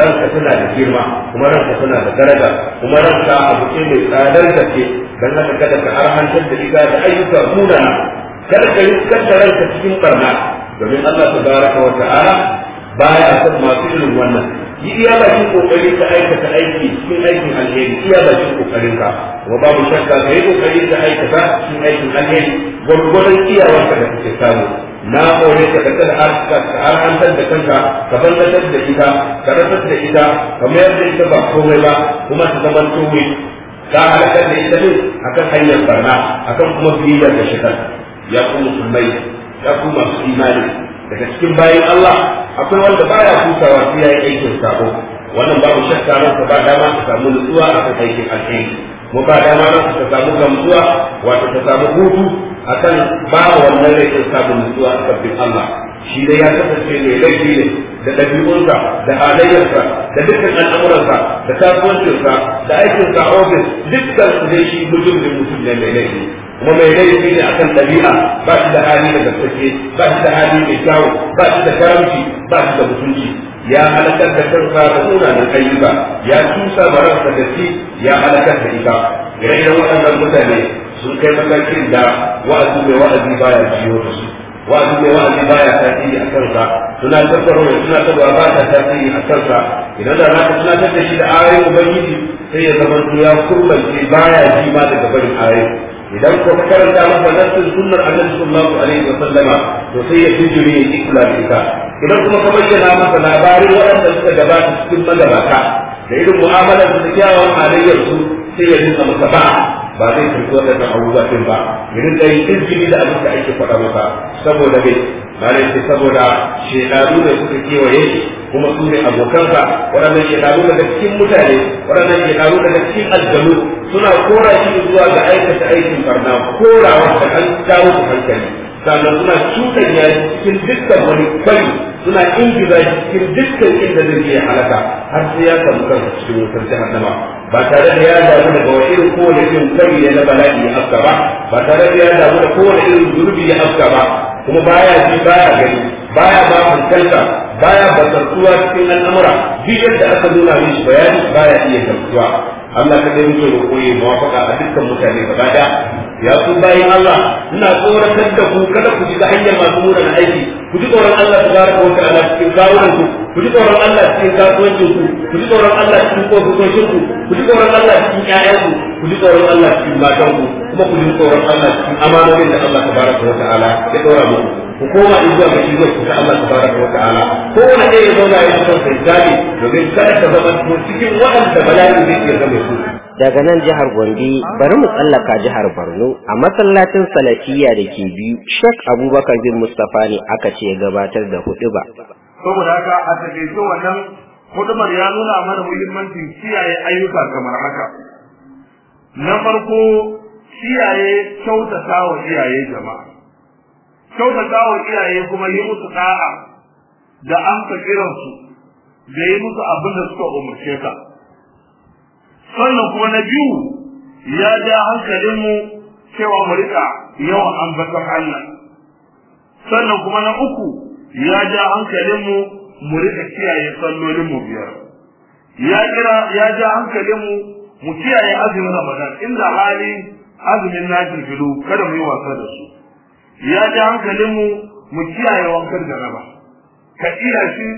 S1: ranka tana da girma kuma ranka tana da daraja kuma ranka abu ce mai tsadar da ke don haka kada ka arhantar da ita da ayyuka munana kada ka yi ranka cikin barna domin Allah tabaraka wa ta'ala baya san masu irin wannan yi iya bakin kokarin ka aikata aiki cikin aikin alheri iya bakin kokarin ka wa babu shakka ka yi kokarin ka aikata cikin aikin alheri gwargwaron iyawar ka da kuke samu na kore ka da kada ka harantar da kanka ka ballatar da ita ka rasar da ita ka mayar da ita ba komai ba kuma ta zama komai ka halakar da ita ne kan hanyar barna kan kuma fiye da shakar. ya ku musulmai ya kuma masu imani daga cikin bayan Allah akwai wanda baya hutawa sai yayi aikin sabo wannan babu shakka nan ba dama ka samu nutsuwa a kan aikin alheri mu ba dama nan ka samu gamsuwa wato ka samu hutu akan ba wannan rashin samun nutsuwa a kan Allah shi dai ya kasance mai laifi ne da ɗabi'unsa da halayyarsa da dukkan al'amuransa da kasuwancinsa da aikinsa a ofis dukkan su dai shi mutum ne mutum ne mai laifi kuma mai laifi ne akan ɗabi'a ba shi da hali da gaske ba shi da hali mai kyawu ba shi da karamci ba shi da mutunci ya halakar da kansa da sunanin ayyuka ya tusa bararsa da shi ya halakar da ita ire-iren waɗannan mutane sun kai matakin da wa'azi mai wa'azi baya jiyo da su wa'azi mai wa'azi baya tasiri a kansa suna tattaro suna tattaro ba ta tasiri a kansa idan da za suna tattara shi da ayoyin ubangiji sai ya zama ya kullance baya ji ma daga barin ayoyin idan ko ka karanta masa nassin sunnar annabi sallallahu alaihi wa sallama to sai ya tijiri ya kula da ita idan kuma ka bayyana masa labarin waɗanda suka gabata cikin magabata da irin mu'amalar da kyawawan halayyar su sai ya nuna masa ba. ba zai karɓi waɗannan abubuwa din ba irin da yin jini da abin da ake faɗa masa saboda bai malai ce saboda shekaru da suka kewaye kuma su ne abokansa waɗannan shekaru daga cikin mutane waɗannan shekaru daga cikin aljanu suna kora shi zuwa ga aikata aikin barna korawa da an dawo hankali sannan suna cutar ya cikin dukkan wani kwari suna ingiza cikin dukkan inda zai iya halaka har sai ya samu kansa cikin wutar jahannama ba tare da ya damu daga wani irin kowane irin kwari ne na bala'i ya afka ba ba tare da ya damu da kowane irin zurbi ya afka ba kuma baya ji baya gani baya ba hankalta baya basartuwa cikin al'amura duk yadda aka nuna mishi bayani baya iya gamsuwa Allah ka dai muke roƙo ya mawafaka a dukkan mutane ba da ya ku bayan Allah ina tsoratar da ku kada ku ji hanyar masu mura na aiki ku ji tsoron Allah tabaraka wa ta'ala cikin kawunan ku ku ji tsoron Allah cikin kasuwancin ku ku ji tsoron Allah cikin kofofin ku ku ji tsoron Allah cikin ƴaƴan ku ku ji tsoron Allah cikin matan ku kuma ku ji tsoron Allah cikin amanonin da Allah tabaraka wa ta'ala ya dora muku
S2: ku koma zuwa ga shi zai kuka Allah tabaraka wa ta'ala ko wani
S1: ɗaya ya zauna ya san sai zabi domin kada ta zama ko cikin waɗanda bala'i zai iya zama su
S2: daga nan jihar Gombe bari mu tsallaka jihar Borno a masallacin Salafiya da ke biyu Sheikh Abubakar bin Mustafa ne aka ce ya gabatar da ba.
S3: saboda haka a so wannan hudumar ya nuna mana muhimmancin kiyaye ayyuka kamar haka na farko kiyaye kyautata wa iyaye jama'a kyautata wa iyaye kuma yi musu da'a da amsa kiransu da yi musu abin da suka umarce ka sannan kuma na biyu ya ja hankalinmu cewa mu rika yawan ambatar Allah sannan kuma na uku ya ja hankalinmu mu rika kiyaye mu biyar ya kira ya ja hankalinmu mu kiyaye azumin Ramadan inda hali azumin najilu kada mu yi wasa da su ya ji hankalinmu mu kiyaye wankan jaraba ka iya shi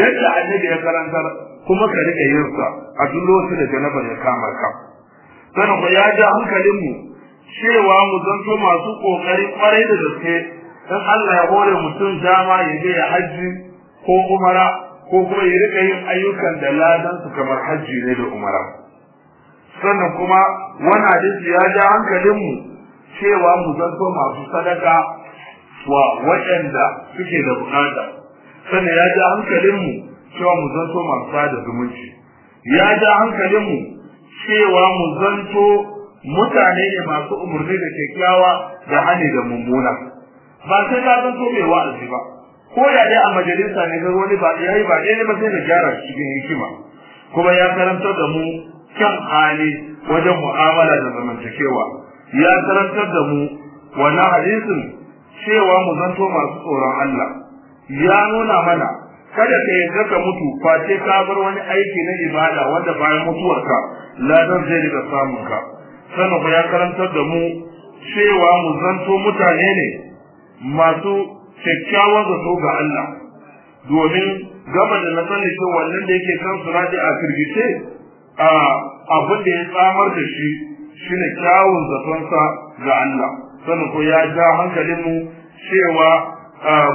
S3: yadda annabi ya karantar kuma ka rike yinsa a duk lokacin da janabar ya kama ka sannan ku ya ji hankalinmu cewa mu zanto masu kokari kwarai da gaske dan Allah ya hore mutum dama ya je ya hajji ko umara ko kuma ya rika yin ayyukan da ladan su kamar hajji ne da umara sannan kuma wani hadisi ya ja hankalinmu cewa mu zanto masu sadaka wa waɗanda suke da bukata sannan ya ja hankalinmu cewa mu zanto masu sada zumunci ya ja hankalinmu cewa mu zanto mutane ne masu umarni da kyakkyawa da hane da mummuna ba sai ka zanto mai wa'azi ba ko da dai a majalisa ne ga wani ba yayi ba dai ba sai da gyara cikin hikima kuma ya karantar da mu kan hali wajen mu'amala da zamantakewa ya karantar da mu wannan hadisin cewa mu zanto masu tsoron Allah ya nuna mana kada ka yarda ka mutu face ka bar wani aiki na ibada wanda bayan mutuwarka ladan zai riga samun ka sannan ya karantar da mu cewa mu zanto mutane ne masu kyakkyawan zato ga Allah domin gama da na sani cewa wannan da yake kan sunadi a firgice a abin da ya tsamar da shi shine kyawun zatonsa ga Allah sannan ko ya ja hankalinmu cewa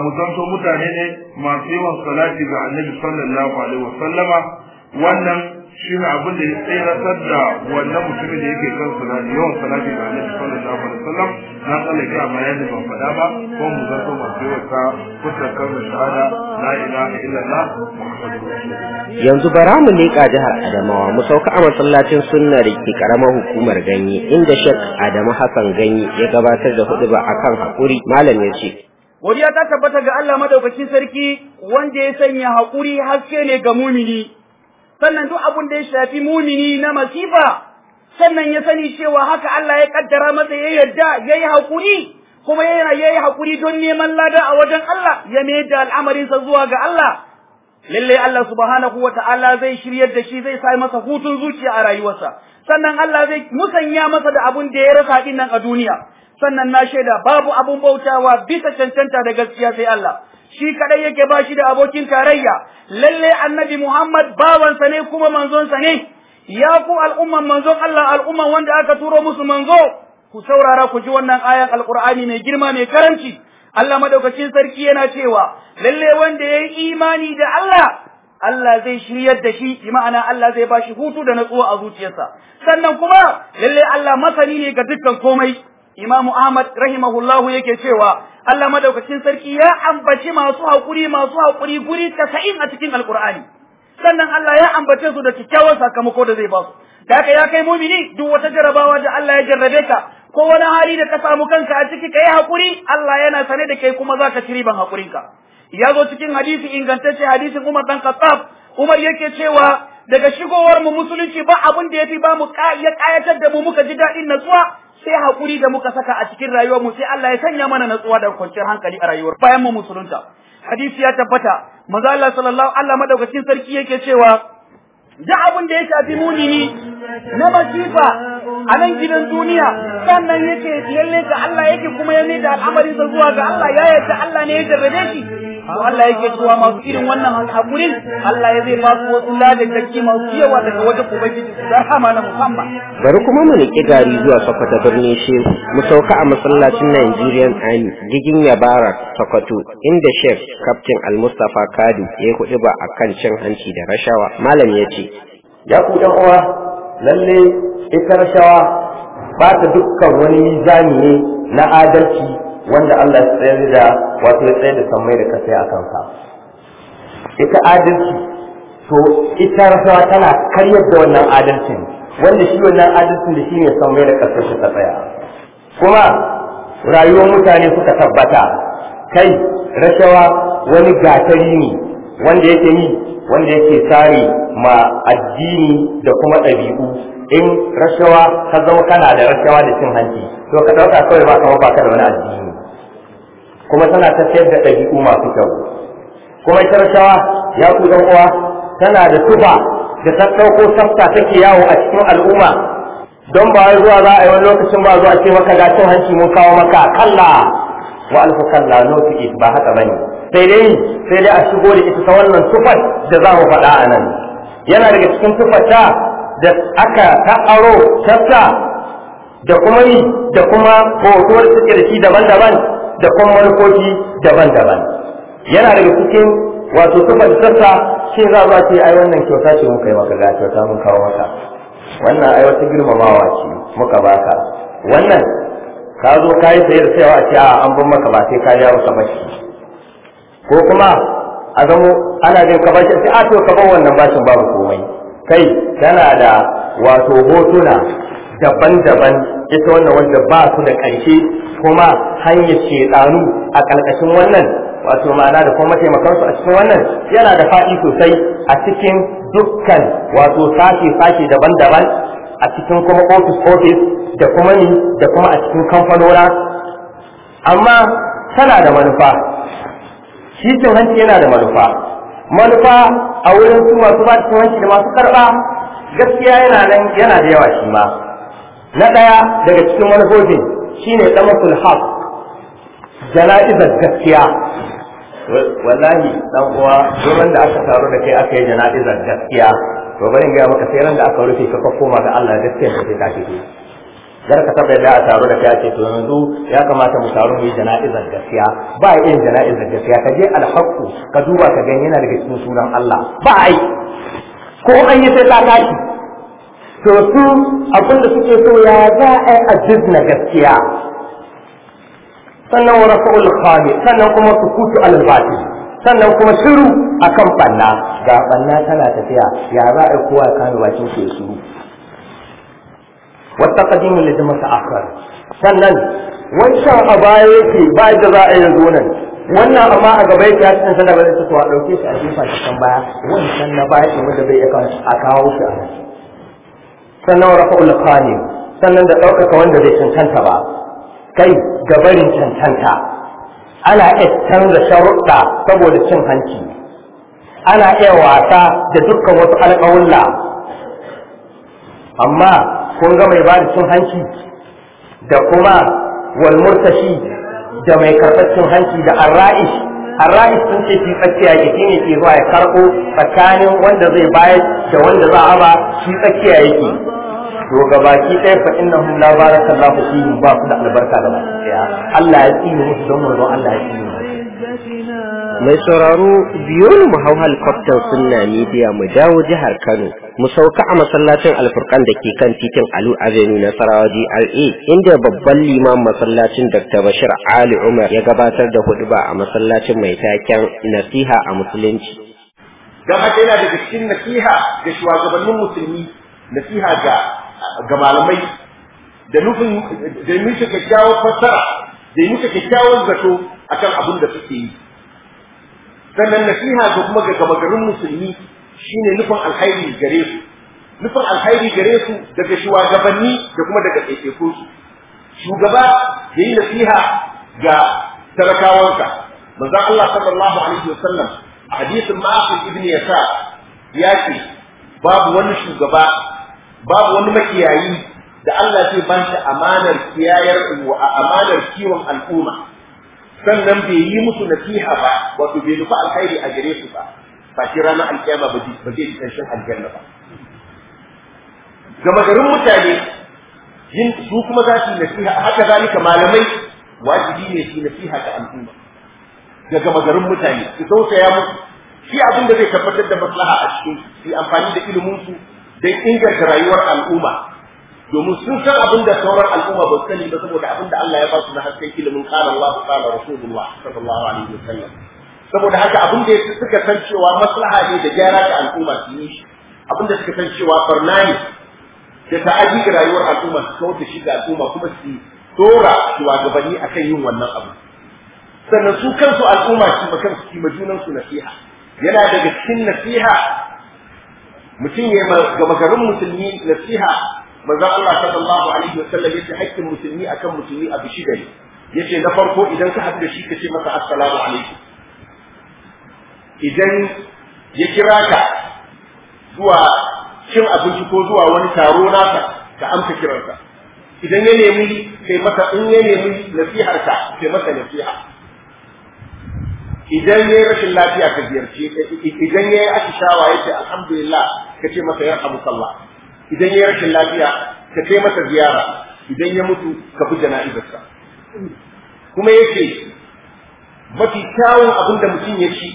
S3: mu zanto mutane ne masu yawan salati ga annabi sallallahu alaihi wasallama wannan shi ne abin da ya tseratar da wannan mutumin da yake kan salati yawan salati da annabi sallallahu alaihi wasallam na tsalla ga bayani ban faɗa ba ko mu zato masu yawan ta kuta kan shahada la ilaha illallah
S2: yanzu bara mu leƙa jihar Adamawa mu sauka a masallacin sunna da ke karamar hukumar ganye inda Sheikh Adamu Hassan ganye ya gabatar da hudu ba akan hakuri malam ya ce
S1: Godiya ta tabbata ga Allah madaukakin sarki wanda ya sanya haƙuri haske ne ga mumini sannan duk abin da ya shafi mumini na masifa sannan ya sani cewa haka Allah ya kaddara masa ya yarda ya yi haƙuri kuma yana ya yi haƙuri don neman lada a wajen Allah ya mayar da al'amarinsa zuwa ga Allah lallai Allah subhanahu wa ta'ala zai shiryar da shi zai sa masa hutun zuciya a rayuwarsa sannan Allah zai musanya masa da abin da ya rasa din nan a duniya sannan na shaida babu abun bautawa bisa cancanta da gaskiya sai Allah shi kadai yake ba shi da abokin tarayya lalle annabi Muhammad bawansa ne kuma manzonsa ne ya ku al'umman manzon Allah al'umman wanda aka turo musu manzo ku saurara ku ji wannan ayan alqur'ani mai girma mai karanci Allah madaukakin sarki yana cewa lalle wanda yayi imani da Allah Allah zai shiryar da shi bi ma'ana Allah zai ba shi hutu da natsuwa a zuciyarsa sannan kuma lalle Allah masani ne ga dukkan komai Imam Ahmad rahimahullahu yake cewa Allah madaukakin sarki ya ambaci masu haƙuri masu haƙuri guri casa'in a cikin Alƙur'ani. Sannan Allah ya ambace su da kyakkyawan sakamako da zai ba su. Da haka ya kai mumini duk wata jarabawa da Allah ya jarrabe ka ko wani hali da ka samu kanka a ciki kai haƙuri Allah yana sane da kai kuma zaka ci riban haƙurinka. Ya zo cikin hadisi ingantacce hadisin Umar dan Khattab Umar yake cewa daga shigowar mu musulunci ba abin da yafi ba mu ya kayatar da mu muka ji daɗin natsuwa sai hakuri da muka saka a cikin rayuwar mu sai Allah ya sanya mana natsuwa da kwanciyar hankali a rayuwar bayan mu musulunta hadisi ya tabbata manzo Allah sallallahu Allah madaukakin sarki yake cewa da abin da ya shafi munini na masifa a nan gidan duniya sannan yake lalle ga Allah yake kuma ya da al'amarin zuwa ga Allah ya yarda Allah ne ya jarrabe shi Allah yake cewa masu irin wannan hakurin Allah ya zai ba su wasu ke masu yawa daga wajen ubangiji hama na musamman
S2: bari kuma mu niki gari zuwa Sokoto birnin Shehu mu sauka a masallacin Nigerian Army jigin Yabara Sokoto inda Chef Captain al mustapha Kadu ya yi kuɗi ba a kan cin hanci da rashawa malam ya ce ya ku ɗan uwa
S1: lalle ita rashawa ba ta dukkan wani mizani ne na adalci wanda Allah ya tsayar da wato ya tsayar da samai da kasai a kansa ita adalci to ita rasawa tana karyar da wannan adalcin wanda shi wannan adalcin da shi ne samai da kasai shi tsaya kuma rayuwar mutane suka tabbata kai rashawa wani gatari ne wanda yake yi wanda yake tsari ma addini da kuma ɗabi'u in rashawa ka zama kana da rashawa da cin hanci to ka ɗauka kawai ba kamar baka da wani addini kuma tana tafiyar da ɗabi'u masu kyau kuma ita ya ku dan uwa tana da tuba da ta ɗauko tsafta take yawo a cikin al'umma don ba wai zuwa za a yi wani lokacin ba zuwa ce maka ga cin hanci mun kawo maka kalla wa alfu kalla no ba haka bane sai dai sai dai a shigo da ita ta wannan tufar da za mu faɗa a nan yana daga cikin tufar ta da aka ta aro tafta da kuma yi da kuma hoto da suke da shi daban-daban da kuma manufofi daban-daban yana daga cikin wato da sassa shi za a ce ai wannan kyauta ce muka yi maka ga kyauta mun kawo maka wannan ai wata girmamawa ce muka baka wannan ka zo ka yi sayar sayawa ce a an bin maka ba sai ka jawo ka bashi ko kuma a zamo ana jin ka bashi sai a to ka bar wannan bashin babu komai kai tana da wato hotuna daban-daban ita wannan wanda ba su da ƙarshe kuma hanyar shekaru a ƙarƙashin wannan wato ma'ana da kuma mataimakansu a cikin wannan yana da faɗi sosai a cikin dukkan wato sashe-sashe daban-daban a cikin kuma ofis-ofis da kuma ni da kuma a cikin kamfanona amma tana da manufa shi cin hanci yana da manufa manufa a wurin su masu ba cin hanci da masu karɓa gaskiya yana nan yana da yawa shi ma na ɗaya daga cikin manufofin shine damasul haq jana'izar gaskiya wallahi ɗan uwa domin da aka taru da kai aka yi jana'izar gaskiya to bari in gaya maka sai ran da aka rufe ka koma ga Allah gaskiya da ta kike zar ka tabbata da a taru da kai ake to yanzu ya kamata mu taru mu yi jana'izar gaskiya ba yin jana'izar gaskiya ka je alhaku ka duba ka gani yana daga cikin sunan Allah ba yi.
S3: ko an yi sai ta tashi
S1: to su da suke so ya za a yi ajiz na gaskiya sannan wa rafa'ul khali sannan kuma sukutu al-batil sannan kuma shiru kan banna ga banna tana tafiya ya za a yi kowa kame bakin su shiru wata kadimin da jama'a akhar sannan wancan a baya yake ba da za a yanzu nan wannan amma a gaba yake ya cikin sanar da su a ɗauke shi a jefa shi kan baya wancan na baya wanda bai iya a kawo shi a nan sannan wa rafa'ul sannan da ɗaukaka wanda bai cancanta ba kai gabarin cancanta ana iya canza sharuɗa saboda cin hanci ana iya wasa da dukkan wasu alƙawulla amma kun ga mai ba da cin hanci da kuma walmurtashi da mai karɓar cin hanci da arra'ish arra'ish sun ce fi tsakiya yake ne ke zuwa ya karɓo tsakanin wanda zai bayar da wanda za a ba shi tsakiya yake to ga baki ɗaya fa hum la baraka
S2: Allah fihim ba su da albarka ga baki ɗaya Allah ya tsine musu don wannan Allah ya tsine mai sauraro biyo ni mu hau helicopter sunna media mu dawo jihar Kano mu sauka a masallacin alfurkan da ke kan titin Alu Avenue na Sarawa GRA inda babban liman masallacin Dr. Bashir Ali Umar ya gabatar da hudba a masallacin mai taken nasiha a musulunci
S1: dan haka yana da cikin nasiha ga shugabannin musulmi nasiha ga ga malamai da nufin da yi musu kyakkyawar fassara da yi kyakkyawar zato akan abin da suke yi sannan nasiha ga kuma ga garin musulmi shine nufin alkhairi gare su nufin alhairi gare su daga shugabanni da kuma daga ɗaiɗaikun su shugaba ya yi nasiha ga talakawansa manzo Allah sallallahu alaihi wasallam a hadisin ma'afi ibn yasa ya ce babu wani shugaba babu wani makiyayi da Allah zai banta amanar kiyayar amanar kiwon al'umma sannan bai yi musu nasiha ba wato bai nufa alkhairi a gare su ba ba shi ranar alkiyama ba zai ji ƙarshen aljanna ba Ga magarin mutane yin su kuma za su nasiha haka zalika malamai wajibi ne su nasiha ga al'umma ga gama mutane su tausaya musu shi abin da zai tabbatar da maslaha a cikin su amfani da ilimin su don inganta rayuwar al'umma domin sun san abin da sauran al'umma ba sani ba saboda abin da Allah ya ba su na hasken ilimin kana Allah qala Rasulullah sallallahu alaihi wasallam saboda haka abin da suka san cewa maslaha ne da gyara ga al'umma su yi shi abin da suka san cewa barna ne da ta'aji ga rayuwar al'umma su kawo da shi ga al'umma kuma su tora shugabanni akan yin wannan abu sannan su kansu al'umma su ma kansu su junan su nasiha yana daga cikin nasiha mutum ya ga magarin musulmi nasiha manzon Allah sallallahu alaihi wasallam yace haƙƙin musulmi akan musulmi abu shida ne yace na farko idan ka haɗu da shi ka ce masa assalamu alaikum idan ya kira ka zuwa cin abinci ko zuwa wani taro nasa ka amsa kiransa idan ya nemi kai masa in ya nemi nasiharka kai masa nasiha idan yayi rashin lafiya ka ziyarce idan yayi atishawa ce alhamdulillah ka ce masa ya yarhamuka Allah idan yi rashin lafiya ka kai masa ziyara idan ya mutu ka bi jana'izarsa kuma yace mafi kyawun abin da mutum ya ci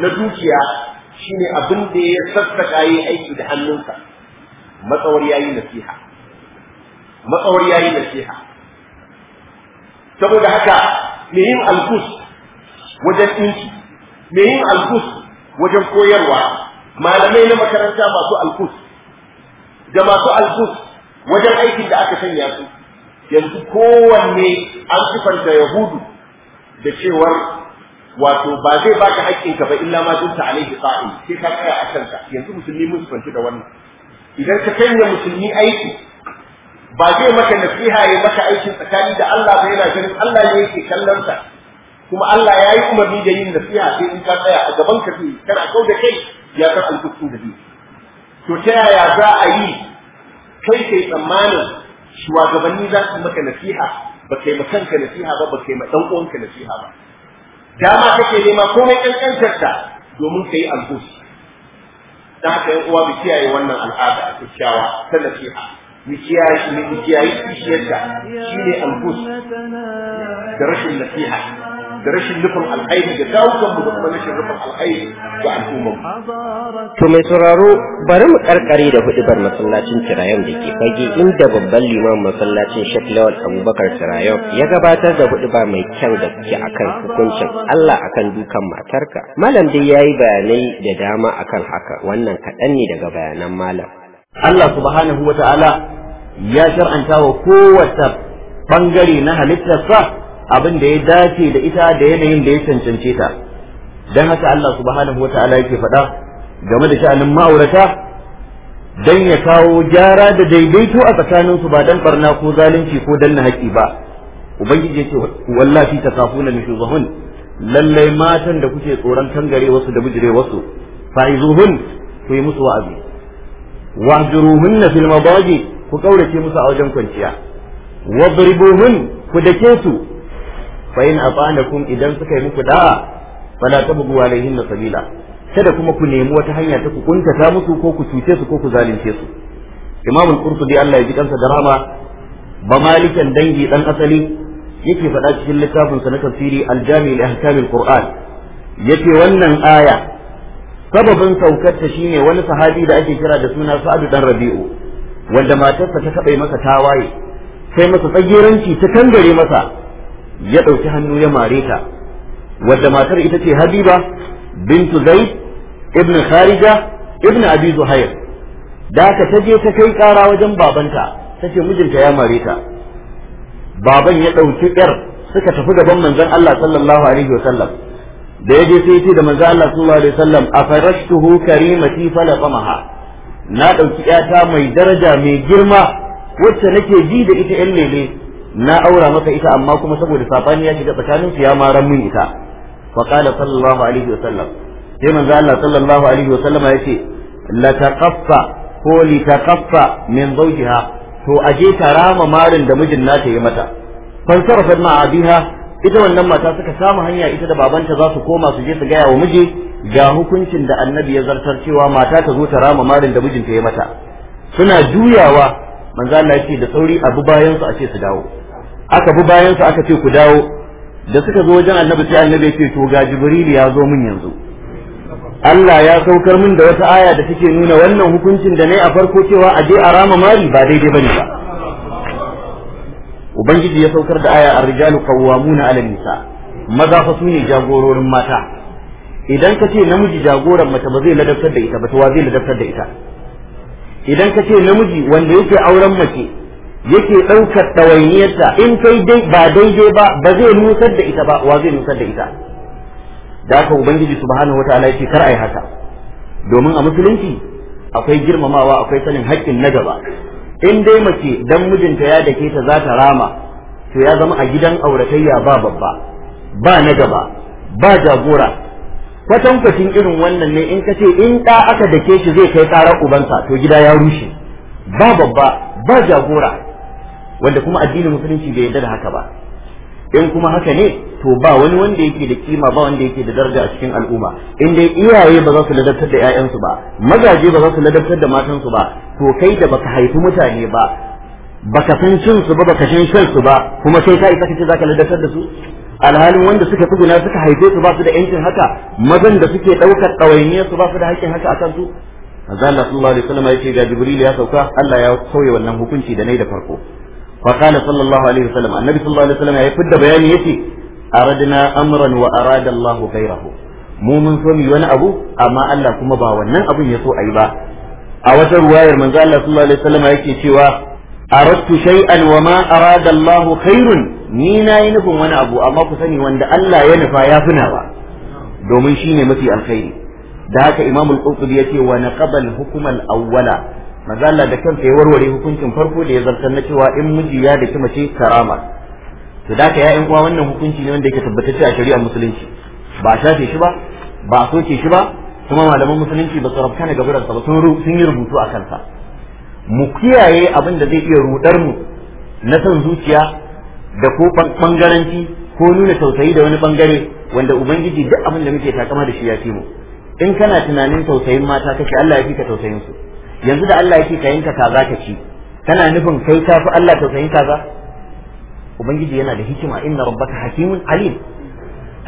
S1: na dukiya shine abin da ya sassaka yi aiki da hannunsa matsawar yi nasiha matsawar yayi nasiha saboda haka mihim yin alkus wajen ɗinki mai yin alkus wajen koyarwa malamai na makaranta masu alkus da masu alkus wajen aikin da aka sanya su yanzu kowanne an sifanta yahudu da cewar wato ba zai ka haƙƙinka ba illa ma dunta alaihi qa'im sai ka tsaya a kanka yanzu musulmi mun sifanci da wannan idan ka sanya musulmi aiki ba zai maka nasiha ya maka aikin tsakani da Allah ba yana ganin Allah ne yake kallon sa kuma Allah ya yi umarni da yin nasiha sai in ka tsaya a gaban ka sai kana kau da kai ya san alkutu da ni to ta yaya za a yi kai kai tsammanin shugabanni za su maka nasiha ba kai ma kanka nasiha ba ba kai ma dan uwanka nasiha ba dama kake nema komai kankantar ta domin kai alkutu dan haka yan uwa mu kiyaye wannan al'ada a kyakkyawa ta nasiha mu kiyaye mu kiyaye kishiyarta shine alkutu da rashin nasiha da rashin nufin alkhairi da dawukan mu da rashin nufin ga al'umma
S2: to mai sauraro bari mu karkare da hudubar masallacin Tirayon da ke fage inda babban liman masallacin Sheikh Lawal Abubakar Tirayon ya gabatar da huɗuba mai kyau da kuke akan hukuncin Allah akan dukan matarka malam dai yayi bayanai da dama akan haka wannan kaɗan ne daga bayanan malam Allah subhanahu wa ta'ala ya shar'anta wa kowace
S1: bangare na halittarsa abin da ya dace da ita da yanayin da ya cancance ta dan haka Allah subhanahu wataala yake faɗa game da sha'anin ma'aurata dan ya kawo gyara da daidaito a tsakanin su ba dan barna ko zalunci ko danna haƙi ba ubangiji yace wallahi takafuna nushuzahun lallai matan da kuke tsoron kangare wasu da bijire wasu fa'izuhun ku yi musu wa'azi wahjuruhunna fil madaji ku kaurace musu a wajen kwanciya wadribuhun ku dake su fa in afanakum idan suka yi muku da'a fala tabghu alaihin sabila kada kuma ku nemi wata hanya ta ku kuntata musu ko ku cuce su ko ku zalunce su imam al-qurtubi Allah ya ji kansa da rama ba malikan dangi dan asali yake faɗa cikin littafin sa na tafsiri al-jami' li ahkam quran yace wannan aya sababin saukar ta shine wani sahabi da ake kira da suna Sa'adu dan Rabi'u wanda matarsa ta kaɓe masa tawaye sai masa tsageranci ta tangare masa ya ɗauki hannu ya mare ta wadda matar ita ce habiba bintu zaid ibn kharija ibn abi zuhair da ka ta ta kai kara wajen babanta ta mijinta ya mare ta baban ya ɗauki ƴar suka tafi gaban manzon Allah sallallahu alaihi wasallam da ya je sai ya ce da manzon Allah sallallahu alaihi wasallam afarashtuhu karimati falaqamaha na ɗauki ƴata mai daraja mai girma wacce nake ji da ita ƴan lele na aura maka ita amma kuma saboda sabani ya shiga tsakanin su ya mara mun ita fa qala sallallahu alaihi wasallam sai manzo Allah sallallahu alaihi wasallam ya ce la taqaffa ko li taqaffa min zawjiha to aje ta rama marin da mijin nata yi mata fansarafat ma abiha ita wannan mata suka samu hanya ita da babanta za su koma su je su gaya wa miji ga hukuncin da annabi ya zartar cewa mata ta zo ta rama marin da mijinta ya mata suna juyawa manzo Allah ya ce da sauri abu bayan su a ce su dawo aka bi bayan su aka ce ku dawo da suka zo wajen annabi sai annabi ya ce to ga jibril ya zo min yanzu Allah ya saukar min da wata aya da take nuna wannan hukuncin da nayi a farko cewa a je a rama mari ba daidai bane ba ubangiji ya saukar da aya ar-rijalu qawwamuna 'ala nisa maza fa su ne jagororin mata idan ka ce namiji jagoran mace ba zai ladabtar da ita ba to wa zai ladabtar da ita idan ka ce namiji wanda yake auren mace yake ɗaukar ɗawainiyarta in kai dai ba daidai ba ba zai nusar da ita ba wa zai nusar da ita da haka ubangiji subhanahu wataala yake kar ai haka domin a musulunci akwai girmamawa akwai sanin haƙƙin na gaba in dai mace dan mijinta ya dake ta za ta rama to ya zama a gidan auratayya ba babba ba na gaba ba jagora Kwatan kwatin irin wannan ne in ka ce in ɗa aka dake shi zai kai ƙarar ubansa to gida ya rushe ba babba ba jagora wanda kuma addinin musulunci bai yarda da haka ba in kuma haka ne to ba wani wanda yake da kima ba wanda yake da daraja a cikin al'umma in dai iyaye ba za su ladabtar da 'ya'yansu ba mazaje ba za su ladabtar da matansu ba to kai da baka haifi mutane ba baka san cin su ba baka san shan su ba kuma sai ka isa kace zaka ladabtar da su alhalin wanda suka tsuguna suka haife su ba su da yancin haka mazan da suke daukar ɗawainiyar su ba su da haƙƙin haka akan su manzo Allah sallallahu alaihi wasallam ya ce ga Jibril ya sauka Allah ya sauya wannan hukunci da nai da farko fa kana sallallahu alaihi wasallam annabi sallallahu alaihi wasallam ya fidda bayani yace aradna amran wa arada Allahu khayrahu mu mun so mu wani abu amma Allah kuma ba wannan abun ya so ayi ba a wata ruwayar manzo sallallahu alaihi wasallam yake cewa aradtu shay'an wa ma arada Allahu khairun ni na yi nufin wani abu amma kusa sani wanda Allah ya nufa ya fi ba. domin shi ne mafi alkhairi da haka imamul qurtubi yace wa naqabal hukm al awwala Mazalla da kansa ya warware hukuncin farko da ya zartar na cewa in miji ya daki mace karama to da ka ya'yan uwa wannan hukunci ne wanda yake tabbatacce a sharia musulunci ba shafe shi ba ba a soke shi ba kuma malaman musulunci ba su rabta daga gurinsa ba sun yi rubutu a kansa mu kiyaye abin da zai iya rudar mu na san zuciya da ko bangaranci ko nuna tausayi da wani bangare wanda ubangiji duk abin da muke takama da shi ya fi mu in kana tunanin tausayin mata kake Allah ya fi ka tausayin su yanzu da Allah yake kayan ka kaza ka ci kana nufin kai ka fi Allah tausayin kaza ubangiji yana da hikima inna rabbaka hakimun alim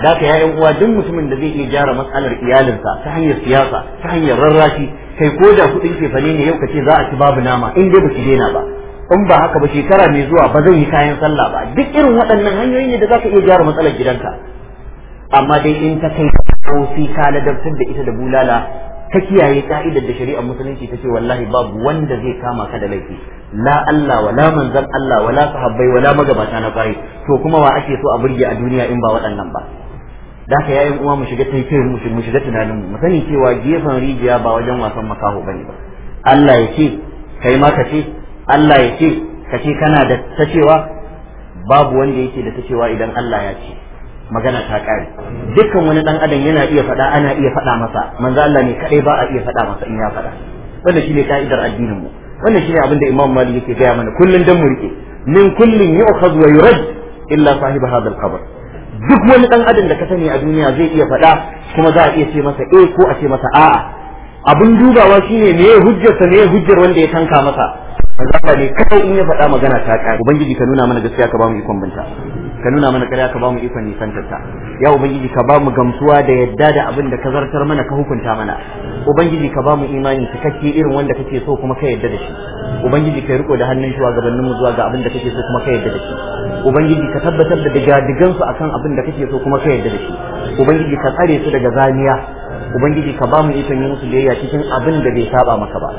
S1: da ka ya uwa duk mutumin da zai iya gyara matsalar iyalinsa ta hanyar siyasa ta hanyar rarrashi kai ko da kuɗin kefane ne yau ka ce za a ci babu nama in dai ba ki daina ba in ba haka ba shekara mai zuwa ba zan yi kayan sallah ba duk irin waɗannan hanyoyi ne da za ka iya gyara matsalar gidanka amma dai in ta kai kawo sai ka ladabtar da ita da bulala Ta kiyaye ka'idar da shari'ar musulunci ta ce wallahi babu wanda zai kama ka da laifi la Allah wala manzan Allah wala sahabbai wala magabata na kwarai to kuma wa ake so a burge a duniya in ba waɗannan ba da haka yayin uwa mu shiga taitayin mu mu shiga tunanin mu sani cewa gefen rijiya ba wajen wasan makaho bane ba Allah ya ce kai ma ka ce Allah ya ce ka ce kana da ta cewa babu wanda yake da ta cewa idan Allah ya ce magana ta kare dukkan wani dan adam yana iya faɗa ana iya faɗa masa manzo Allah ne kadai ba a iya faɗa masa in ya faɗa wannan shine ka'idar addinin mu wannan shine abinda da Imam Malik yake gaya mana kullun dan mu min kullin yu'khadhu wa yurad illa sahib hadha al duk wani dan adam da ka sani a duniya zai iya faɗa kuma za a iya ce masa eh ko a ce masa a'a abin dubawa shine me hujjarsa me hujjar wanda ya tanka masa manzo Allah ne kadai in ya faɗa magana ta kare ubangiji ka nuna mana gaskiya ka ba mu ikon binta ka nuna mana ƙarya ka bamu ikon nisantar ta ya ubangiji ka bamu gamsuwa da yadda da abin da ka zartar mana ka hukunta mana ubangiji ka bamu imani kake irin wanda kake so kuma ka yadda da shi ubangiji ka riko da hannun gabanin mu zuwa ga abin da kake so kuma ka yadda da shi ubangiji ka tabbatar da digadigan digansu akan abin da kake so kuma ka yadda da shi ubangiji ka tsare su daga zaniya ubangiji ka bamu ikon yin musu biyayya cikin abin da bai saba maka ba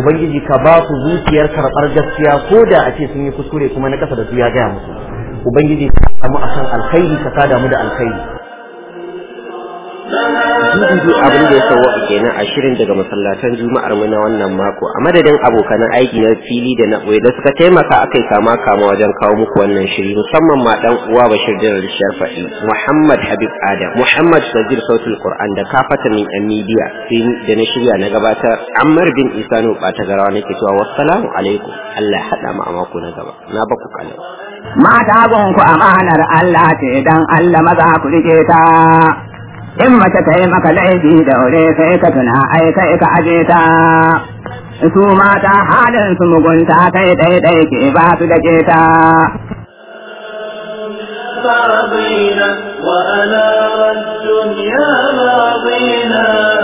S1: ubangiji ka ba su zuciyar karɓar gaskiya ko da a ce sun yi kuskure kuma na ƙasa da su ya gaya musu ubangiji ka samu san alkhairi ka kada mu da alkhairi
S2: Dudu abin da ya a kenan a shirin daga masallatan Juma'ar mu na wannan mako a madadin abokan aiki na fili da na ɓoye da suka taimaka akai kama kama wajen kawo muku wannan shiri musamman ma dan uwa Bashir da Faɗi, Muhammad Habib Adam Muhammad Sajir Sautul Qur'an da kafata min yan midiya. sai da na shirya na gabatar Ammar bin Isanu Batagarawa nake cewa wassalamu alaikum Allah ya haɗa mu a mako na gaba na baku kallon mata a amanar Allah ce dan Allah maza ku rike ta in mace ta yi maka laifi da wuri sai ka tuna ai kai ka aje ta su mata halin su mugunta kai ɗaiɗai ke ba su da ta
S1: وأنا الدنيا رضينا